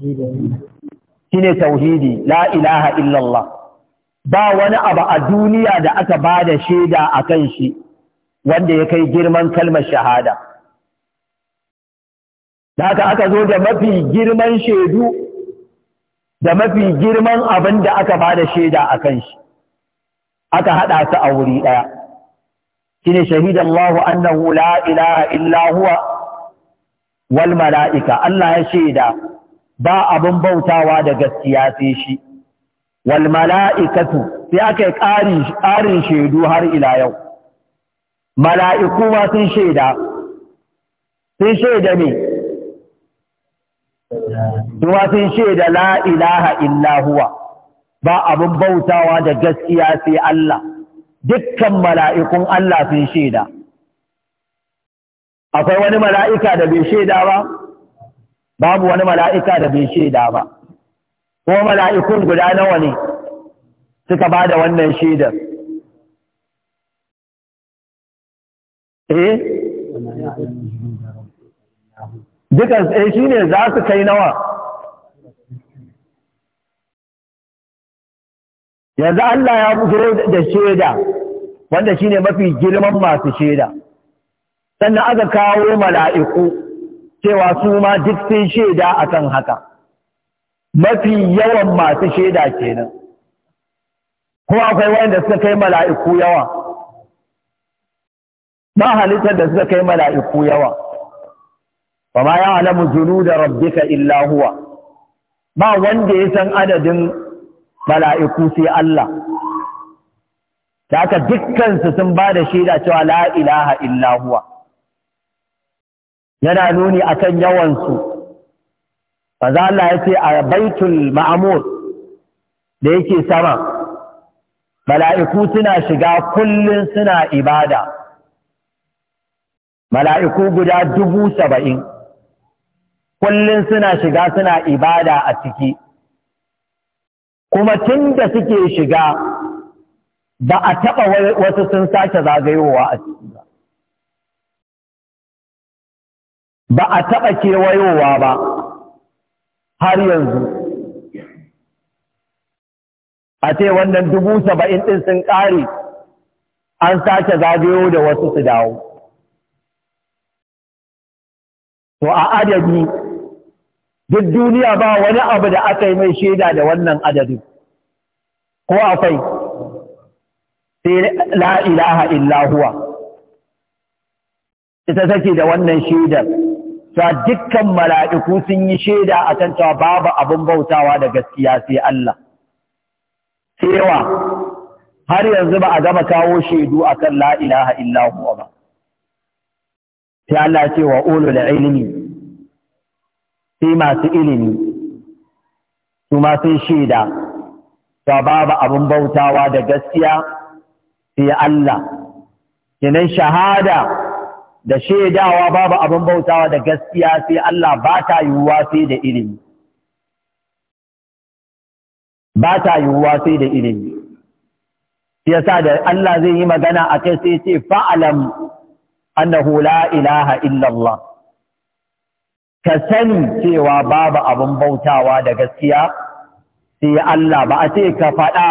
shine tauhidi la ilaha illallah ba wani abu a duniya da aka ba da shaida a kan shi wanda ya kai girman kalmar shahada da haka aka zo da mafi girman shaidu da mafi girman abin da aka ba da shaida a kan shi aka haɗa su a wuri ɗaya shine shahidan Allahu annahu la ilaha illa wal mala'ika Allah ya shaida ba abin bautawa da gaskiya sai shi wal mala'ikatu sai aka yi ƙarin shaidu har ila yau mala'iku ma sun shaida sun shaida ne kuma sun shaida la ilaha illa huwa ba abin bautawa da gaskiya sai Allah dukkan mala'ikun Allah sun shaida akwai wani mala'ika da bai shaida ba babu wani mala'ika da bai shaida ba kuma mala'ikun guda nawa ne suka ba da wannan shaidar eh dukan tsaye eh, ne za su kai nawa yanzu Allah ya fito da shaida wanda shi ne mafi girman masu shaida sannan aka kawo mala'iku cewa su ma duk sun shaida akan haka mafi yawan masu shaida kenan kuma akwai wanda suka kai mala'iku yawa ba halittar da suka kai mala'iku yawa fa ma ya'lamu da rabbika illa huwa ba wanda ya san adadin mala'iku sai Allah ta dukkansu sun bada shaida cewa la ilaha illa yana nuni akan yawansu manzo Allah ya ce a baitun ma'mur da yake sama mala'iku suna shiga kullun suna ibada mala'iku guda dubu saba'in kullum suna shiga suna ibada a ciki kuma tun da suke shiga ba a taɓa wasu sun sake zagayowa a ciki ba ba a taɓa kewayowa ba har yanzu a ce wannan dubu saba'in ɗin sun ƙare an sake zagayo da wasu su dawo. To a adadi duk duniya ba wani abu da aka yi mai shaida da wannan adadin ko akwai sai illahuwa. ita take da wannan shaidar ta dukkan mala'iku sun yi shaida a kan cewa babu abin bautawa da gaskiya sai Allah cewa har yanzu ba a gama kawo shaidu akan la ilaha ba sai Allah ce wa ulul ilmi sai masu ilimi su sun shaida ta babu abin bautawa da gaskiya sai Allah kinan shahada da shaidawa babu abin bautawa da gaskiya sai Allah ba ta yiwuwa sai da ilimi ba ta yiwuwa sai da ilimi yasa da Allah zai yi magana a kai sai ce fa'alam annahu la ilaha illallah ka sani cewa babu abin bautawa da gaskiya sai Allah ba a ce ka faɗa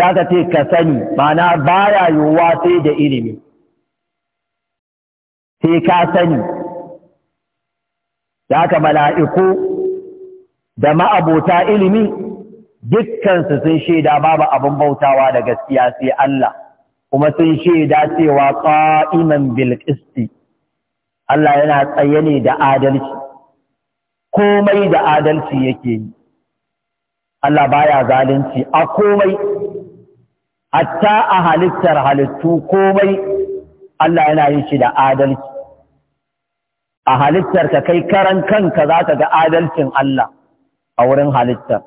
ya ka ce ka sani mana baya yiwuwa sai da ilimi sai ka sani ya ka mala'iku da ma'abota ilimi dukkansu sun shaida babu abin bautawa da gaskiya sai Allah kuma sun shaida cewa ƙa'iman bilkisti Allah yana tsaye ne da adalci komai da adalci yake yi Allah baya zalunci a komai hatta a halittar halittu komai Allah yana yin shi da adalci a halittar ka kai karan kanka za ka ga adalcin Allah a wurin halittar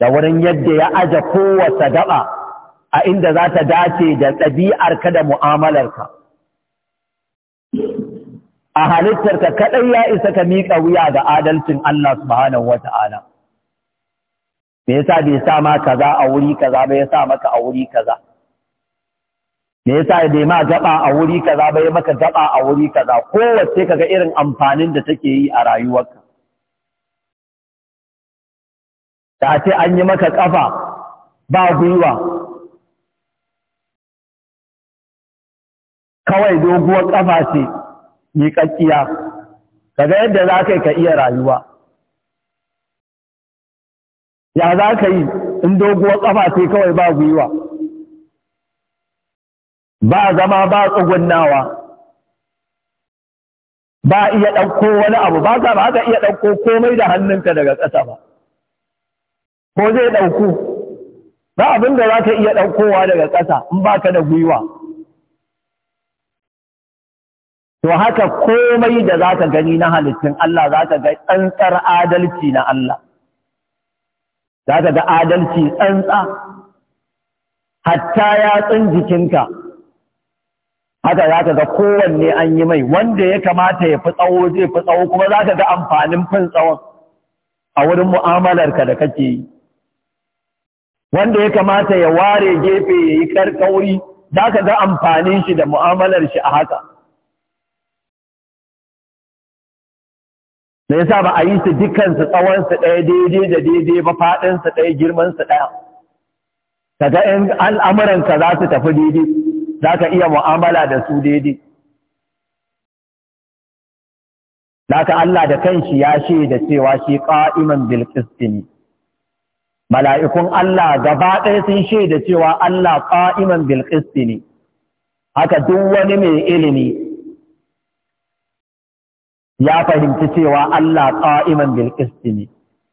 da wurin yadda ya aje kowace gaba a inda za ta dace da ɗabi'arka da mu'amalarka. a halittarka kaɗai ya isa ka miƙa wuya ga adalcin Allah subhanahu wa ta'ala. Me yasa bai sa ma kaza a wuri kaza bai sa maka a wuri kaza. Me yasa bai ma gaba a wuri kaza bai maka gaba a wuri kaza kowace kaga irin amfanin da take yi a rayuwarka. Da ce an yi maka ƙafa ba gwiwa kawai doguwar ƙafa ce miƙaƙƙiya kaga yadda za ka yi ka iya rayuwa ya za ka yi in doguwar ƙafa ce kawai ba gwiwa ba zama ba tsugunnawa ba iya ɗauko wani abu ba ka ba ka iya ɗauko komai da hannunka daga ƙasa ba ko zai ɗauku ba abin da za ka iya ɗaukowa daga ƙasa in ba ka da gwiwa to haka komai da za ka gani na halittun Allah za ka ga tsantsar adalci na Allah za ka ga adalci tsantsa hatta yatsun jikinka haka za ka ga kowanne an yi mai wanda ya kamata ya fi tsawo zai fi tsawo kuma za ka ga amfanin fin tsawon a wurin mu'amalarka da kake yi wanda ya kamata ya ware gefe ya yi karkauri za ka ga amfanin shi da mu'amalar shi a haka me yasa ba a yi su dukansu tsawonsu ɗaya daidai da daidai ba faɗinsu ɗaya girmansu ɗaya kaga in al'amuranka za su tafi daidai za ka iya mu'amala da su daidai Laka Allah da kanshi ya shaida cewa shi ƙa'iman bilƙisti ne. Mala'ikun Allah gaba ɗaya sun shaida cewa Allah ƙa'iman bilƙisti ne, haka duk wani mai ilimi ya fahimci cewa Allah ƙa'iman bilƙisti ne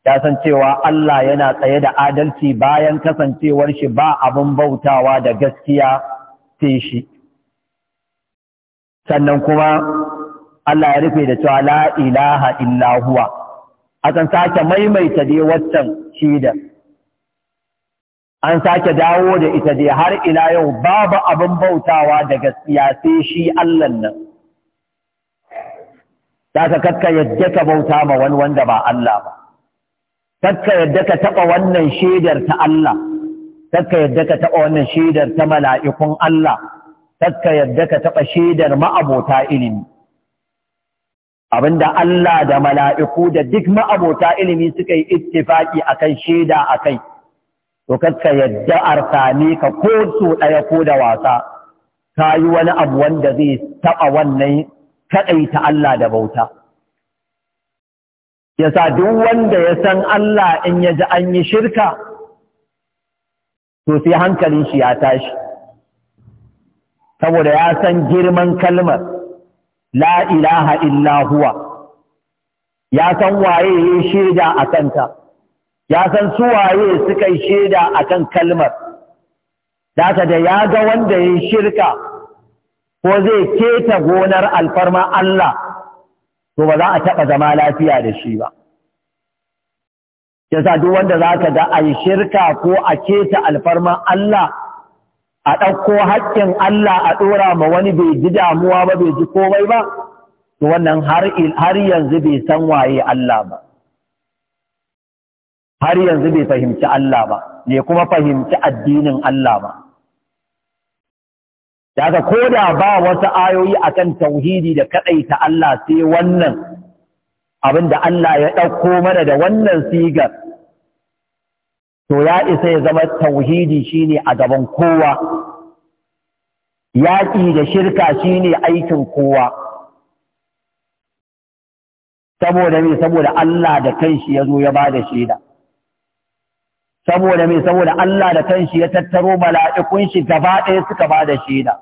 ya san cewa Allah yana tsaye da adalci bayan kasancewar shi ba abin bautawa da gaskiya sai shi sannan kuma Allah ya rufe da cewa la illahuwa, a huwa sake maimaita dai waccan shida an sake dawo da ita dai har ila yau babu abin bautawa da gaskiya sai shi Allah nan za ka kakka yadda ka bauta ma wani wanda ba Allah ba kakka yadda ka taɓa wannan shaidar ta Allah kakka yadda ka taɓa wannan shaidar ta mala'ikun Allah kakka yadda ka taɓa shaidar ma'abota ilimi abinda Allah da mala'iku da duk ma'abota ilimi suka yi a akan shaida akai to kakka yadda arsani ka ko su ɗaya ko da wasa ka yi wani abu wanda zai taɓa wannan kaɗaita Allah da bauta. Yasa duk wanda ya san Allah in ya ji an yi shirka, to sai hankalin shi ya tashi. Saboda ya san girman kalmar, la ilaha illa huwa, ya san waye ya shaida a kanta, ya san su waye suka yi shaida a kan kalmar, da da ya ga wanda ya shirka ko zai keta gonar alfarma Allah to ba za a taɓa zama lafiya da shi ba yasa duk wanda za ka ga a shirka ko a keta alfarma Allah a ɗauko haƙƙin Allah a ɗora ma wani bai ji damuwa ba bai ji komai ba to wannan har yanzu bai san waye Allah ba har yanzu bai fahimci Allah ba ne kuma fahimci addinin Allah ba Daga ko da ba wasu ayoyi akan tauhidi da kaɗaita Allah sai wannan abin da Allah ya ɗauko mana da wannan sigar. To ya isa ya zama tauhidi shine a gaban kowa, yaƙi da shirka shine aikin kowa. Saboda me saboda Allah da kanshi ya zo ya ba da shaida. saboda me saboda Allah da kanshi ya tattaro mala'ikun shi gaba ɗaya suka ba da shaida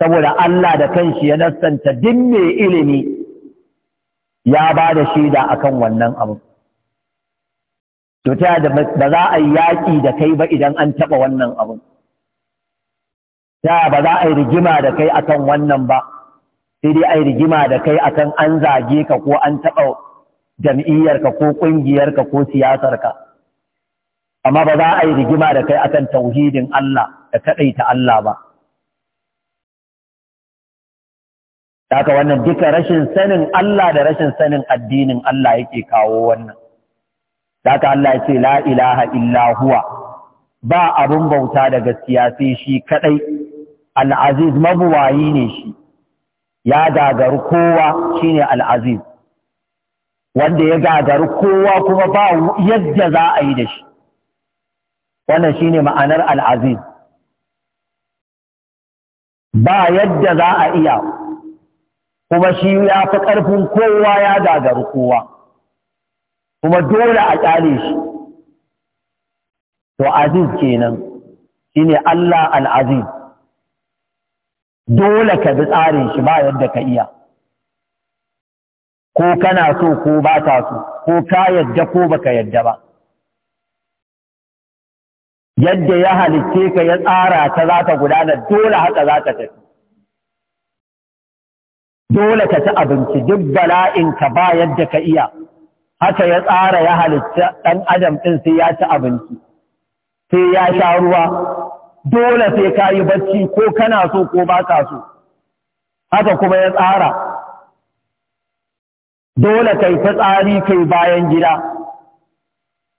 saboda Allah da kanshi ya nassanta duk mai ilimi ya ba da shaida akan wannan abu to ta da za a yi yaƙi da kai ba idan an taɓa wannan abu ta ba za a yi rigima da kai akan wannan ba sai dai a yi rigima da kai akan an zage ka ko an taɓa jam'iyyarka ko ƙungiyarka ko siyasarka amma ba za a yi rigima da kai akan tauhidin Allah da kaɗaita Allah ba. Daka wannan duka rashin sanin Allah da rashin sanin addinin Allah yake kawo wannan. Daka Allah ya ce la ilaha illa huwa ba abun bauta da gaskiya sai shi kaɗai, al'aziz mabuwayi ne shi, ya gagaru kowa shine al'aziz, wanda ya gagaru kowa kuma ba yadda za a yi da shi. wannan shine ma'anar al'aziz ba yadda za a iya kuma shi ya fi ƙarfin kowa ya gagaru kowa kuma dole a ƙyale shi to aziz kenan shine Allah al'aziz dole ka bi tsarin shi ba yadda ka iya ko kana so ko ba ta so ko ka yadda ko baka yadda ba yadda ya halicce ka ya tsara ta za ta gudana dole haka za ta tafi dole ka ci abinci duk bala'in ka ba yadda ka iya haka ya tsara ya halitta ɗan adam ɗin sai ya ci abinci sai ya sha ruwa dole sai ka yi bacci ko kana so ko ba ka so haka kuma ya tsara dole kai tsari kai bayan gida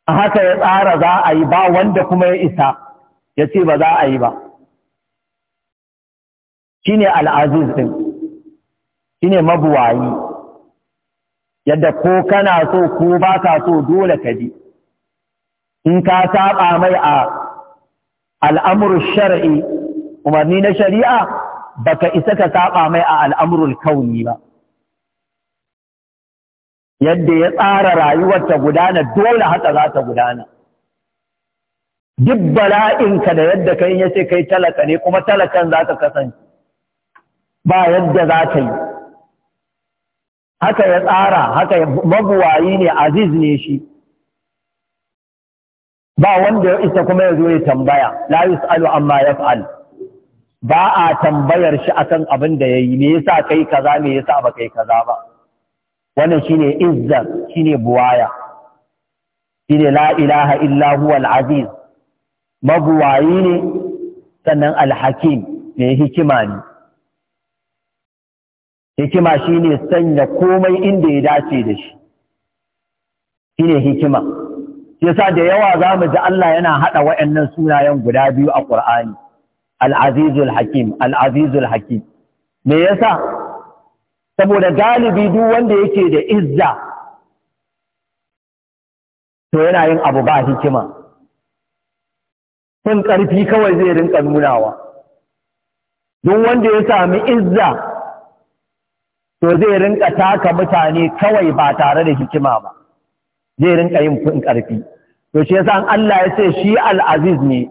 a haka ya tsara za a yi ba wanda kuma ya isa ya ce ba za a yi ba shi ne al'aziz ɗin shi ne mabuwayi yadda ko kana so ko ba ka so dole ka bi in ka saba mai a al'amurin shari'i umarni na shari'a baka isa ka saba mai a al'amurin kauni ba yadda ya tsara rayuwar ta gudana dole haka za ta gudana duk bala'inka da yadda kai ya ce kai talaka ne kuma talakan za ka kasance ba yadda za ta yi haka ya tsara haka mabuwayi ne aziz ne shi ba wanda ya isa kuma ya zo ya tambaya la yus'alu amma yaf'al ba a tambayar shi akan abin da yayi me yasa kai kaza me yasa ba kai kaza ba wannan shine izza shine buwaya shine la ilaha illa huwal aziz mabuwayi ne sannan alhakim mai hikima ne hikima shine sanya komai inda ya dace da shi shine hikima yasa da yawa zamu ji Allah yana haɗa wayannan sunayen guda biyu a Ƙur'ani al-azizul hakim al-azizul hakim me yasa saboda galibi duk wanda yake da izza to yana yin abu ba hikima sun ƙarfi kawai zai rinka nunawa duk wanda ya sami izza to zai rinka taka mutane kawai ba tare da hikima ba zai rinka yin fin ƙarfi to shi yasa Allah ya ce shi al-aziz ne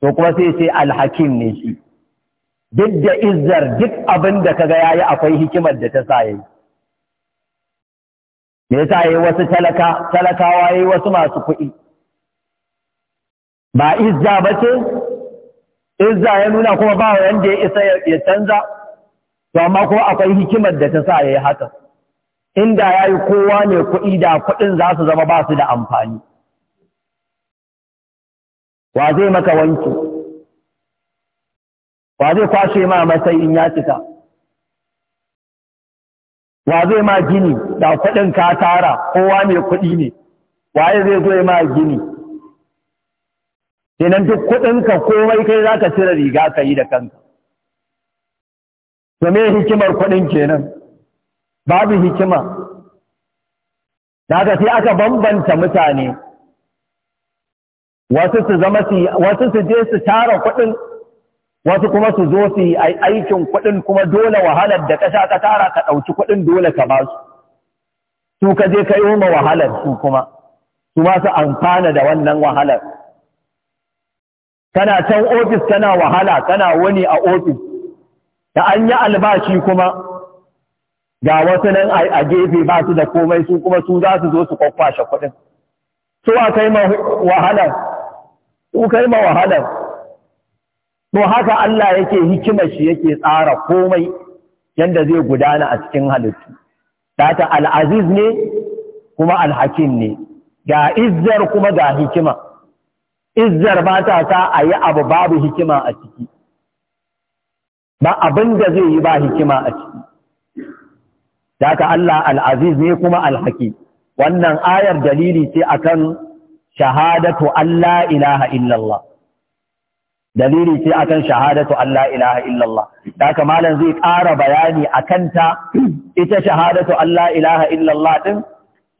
to kuma sai ce al-hakim ne shi duk da izzar duk abin da ka ya yi akwai hikimar da ta sa me ta yi wasu talaka talakawa yi wasu masu kuɗi ba izza ba ce izza ya nuna kuma ba wa wanda ya isa ya canza to amma kuma akwai hikimar da ta sa yayi haka inda ya yi kowa ne kuɗi da kuɗin za su zama ba su da amfani wa zai maka wanki wa zai kwashe ma matsayi in ya cika wa zai ma gini da kuɗin ka tara kowa mai kuɗi ne waye zai zo ma gini Sinan duk kuɗinka komai kai za ka cire riga ka yi da kanka to me hikimar kuɗin kenan babu hikima Daga sai aka bambanta mutane wasu su zama wasu su je su tara kuɗin wasu kuma su zo su yi aikin kuɗin kuma dole wahalar da ƙasa ka tara ka ɗauki kuɗin dole ka ba su su ka je ka yi ma wahalar su kuma su ma amfana da wannan wahalar kana can ofis kana wahala kana wani a ofis da an yi albashi kuma ga wasu nan a gefe ba su da komai su kuma su za su zo su kwakwashe kuɗin su a kai kai ma wahalar To haka Allah yake hikimar shi yake tsara komai yanda zai gudana a cikin halittu. Data al'aziz ne kuma alhakin ne, ga izzar kuma ga hikima. Izzar ba ta sa a yi abu babu hikima a ciki, ba abin da zai yi ba hikima a ciki. Data Allah al'aziz ne kuma alhaki. Wannan ayar dalili ce akan shahadatu Allah ilaha illallah. dalili ce akan shahadatu Allah ilaha illallah da haka malam zai ƙara bayani akan ta ita shahadatu Allah ilaha illallah din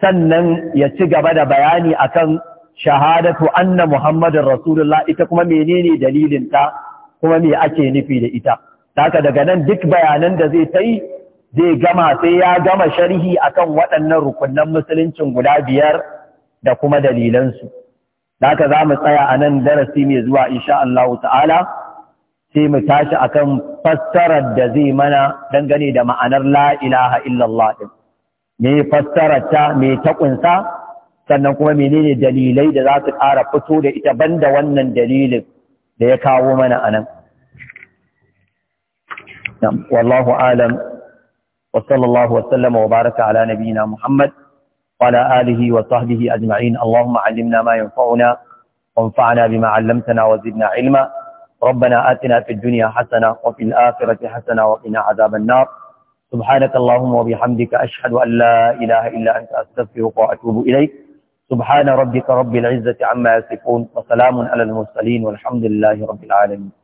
sannan ya ci gaba da bayani akan shahadatu anna muhammadin rasulullah ita kuma menene dalilin ta kuma me ake nufi da ita haka daga nan duk bayanan da zai ta yi zai gama sai ya gama sharhi akan waɗannan rukunan musuluncin guda biyar da kuma dalilansu da haka za mu tsaya a nan darasi mai zuwa insha Allah ta'ala sai mu tashi akan fassarar da zai mana dangane da ma'anar la ilaha illallah din me fassarar ta me ta kunsa sannan kuma menene dalilai da za su ƙara fito da ita banda wannan dalilin da ya kawo mana anan wallahu alam wa sallallahu wa sallama wa baraka ala Nabina muhammad وعلى آله وصحبه أجمعين اللهم علمنا ما ينفعنا وانفعنا بما علمتنا وزدنا علما ربنا آتنا في الدنيا حسنة وفي الآخرة حسنة وقنا عذاب النار سبحانك اللهم وبحمدك أشهد أن لا إله إلا أنت أستغفرك وأتوب إليك سبحان ربك رب العزة عما يصفون وسلام على المرسلين والحمد لله رب العالمين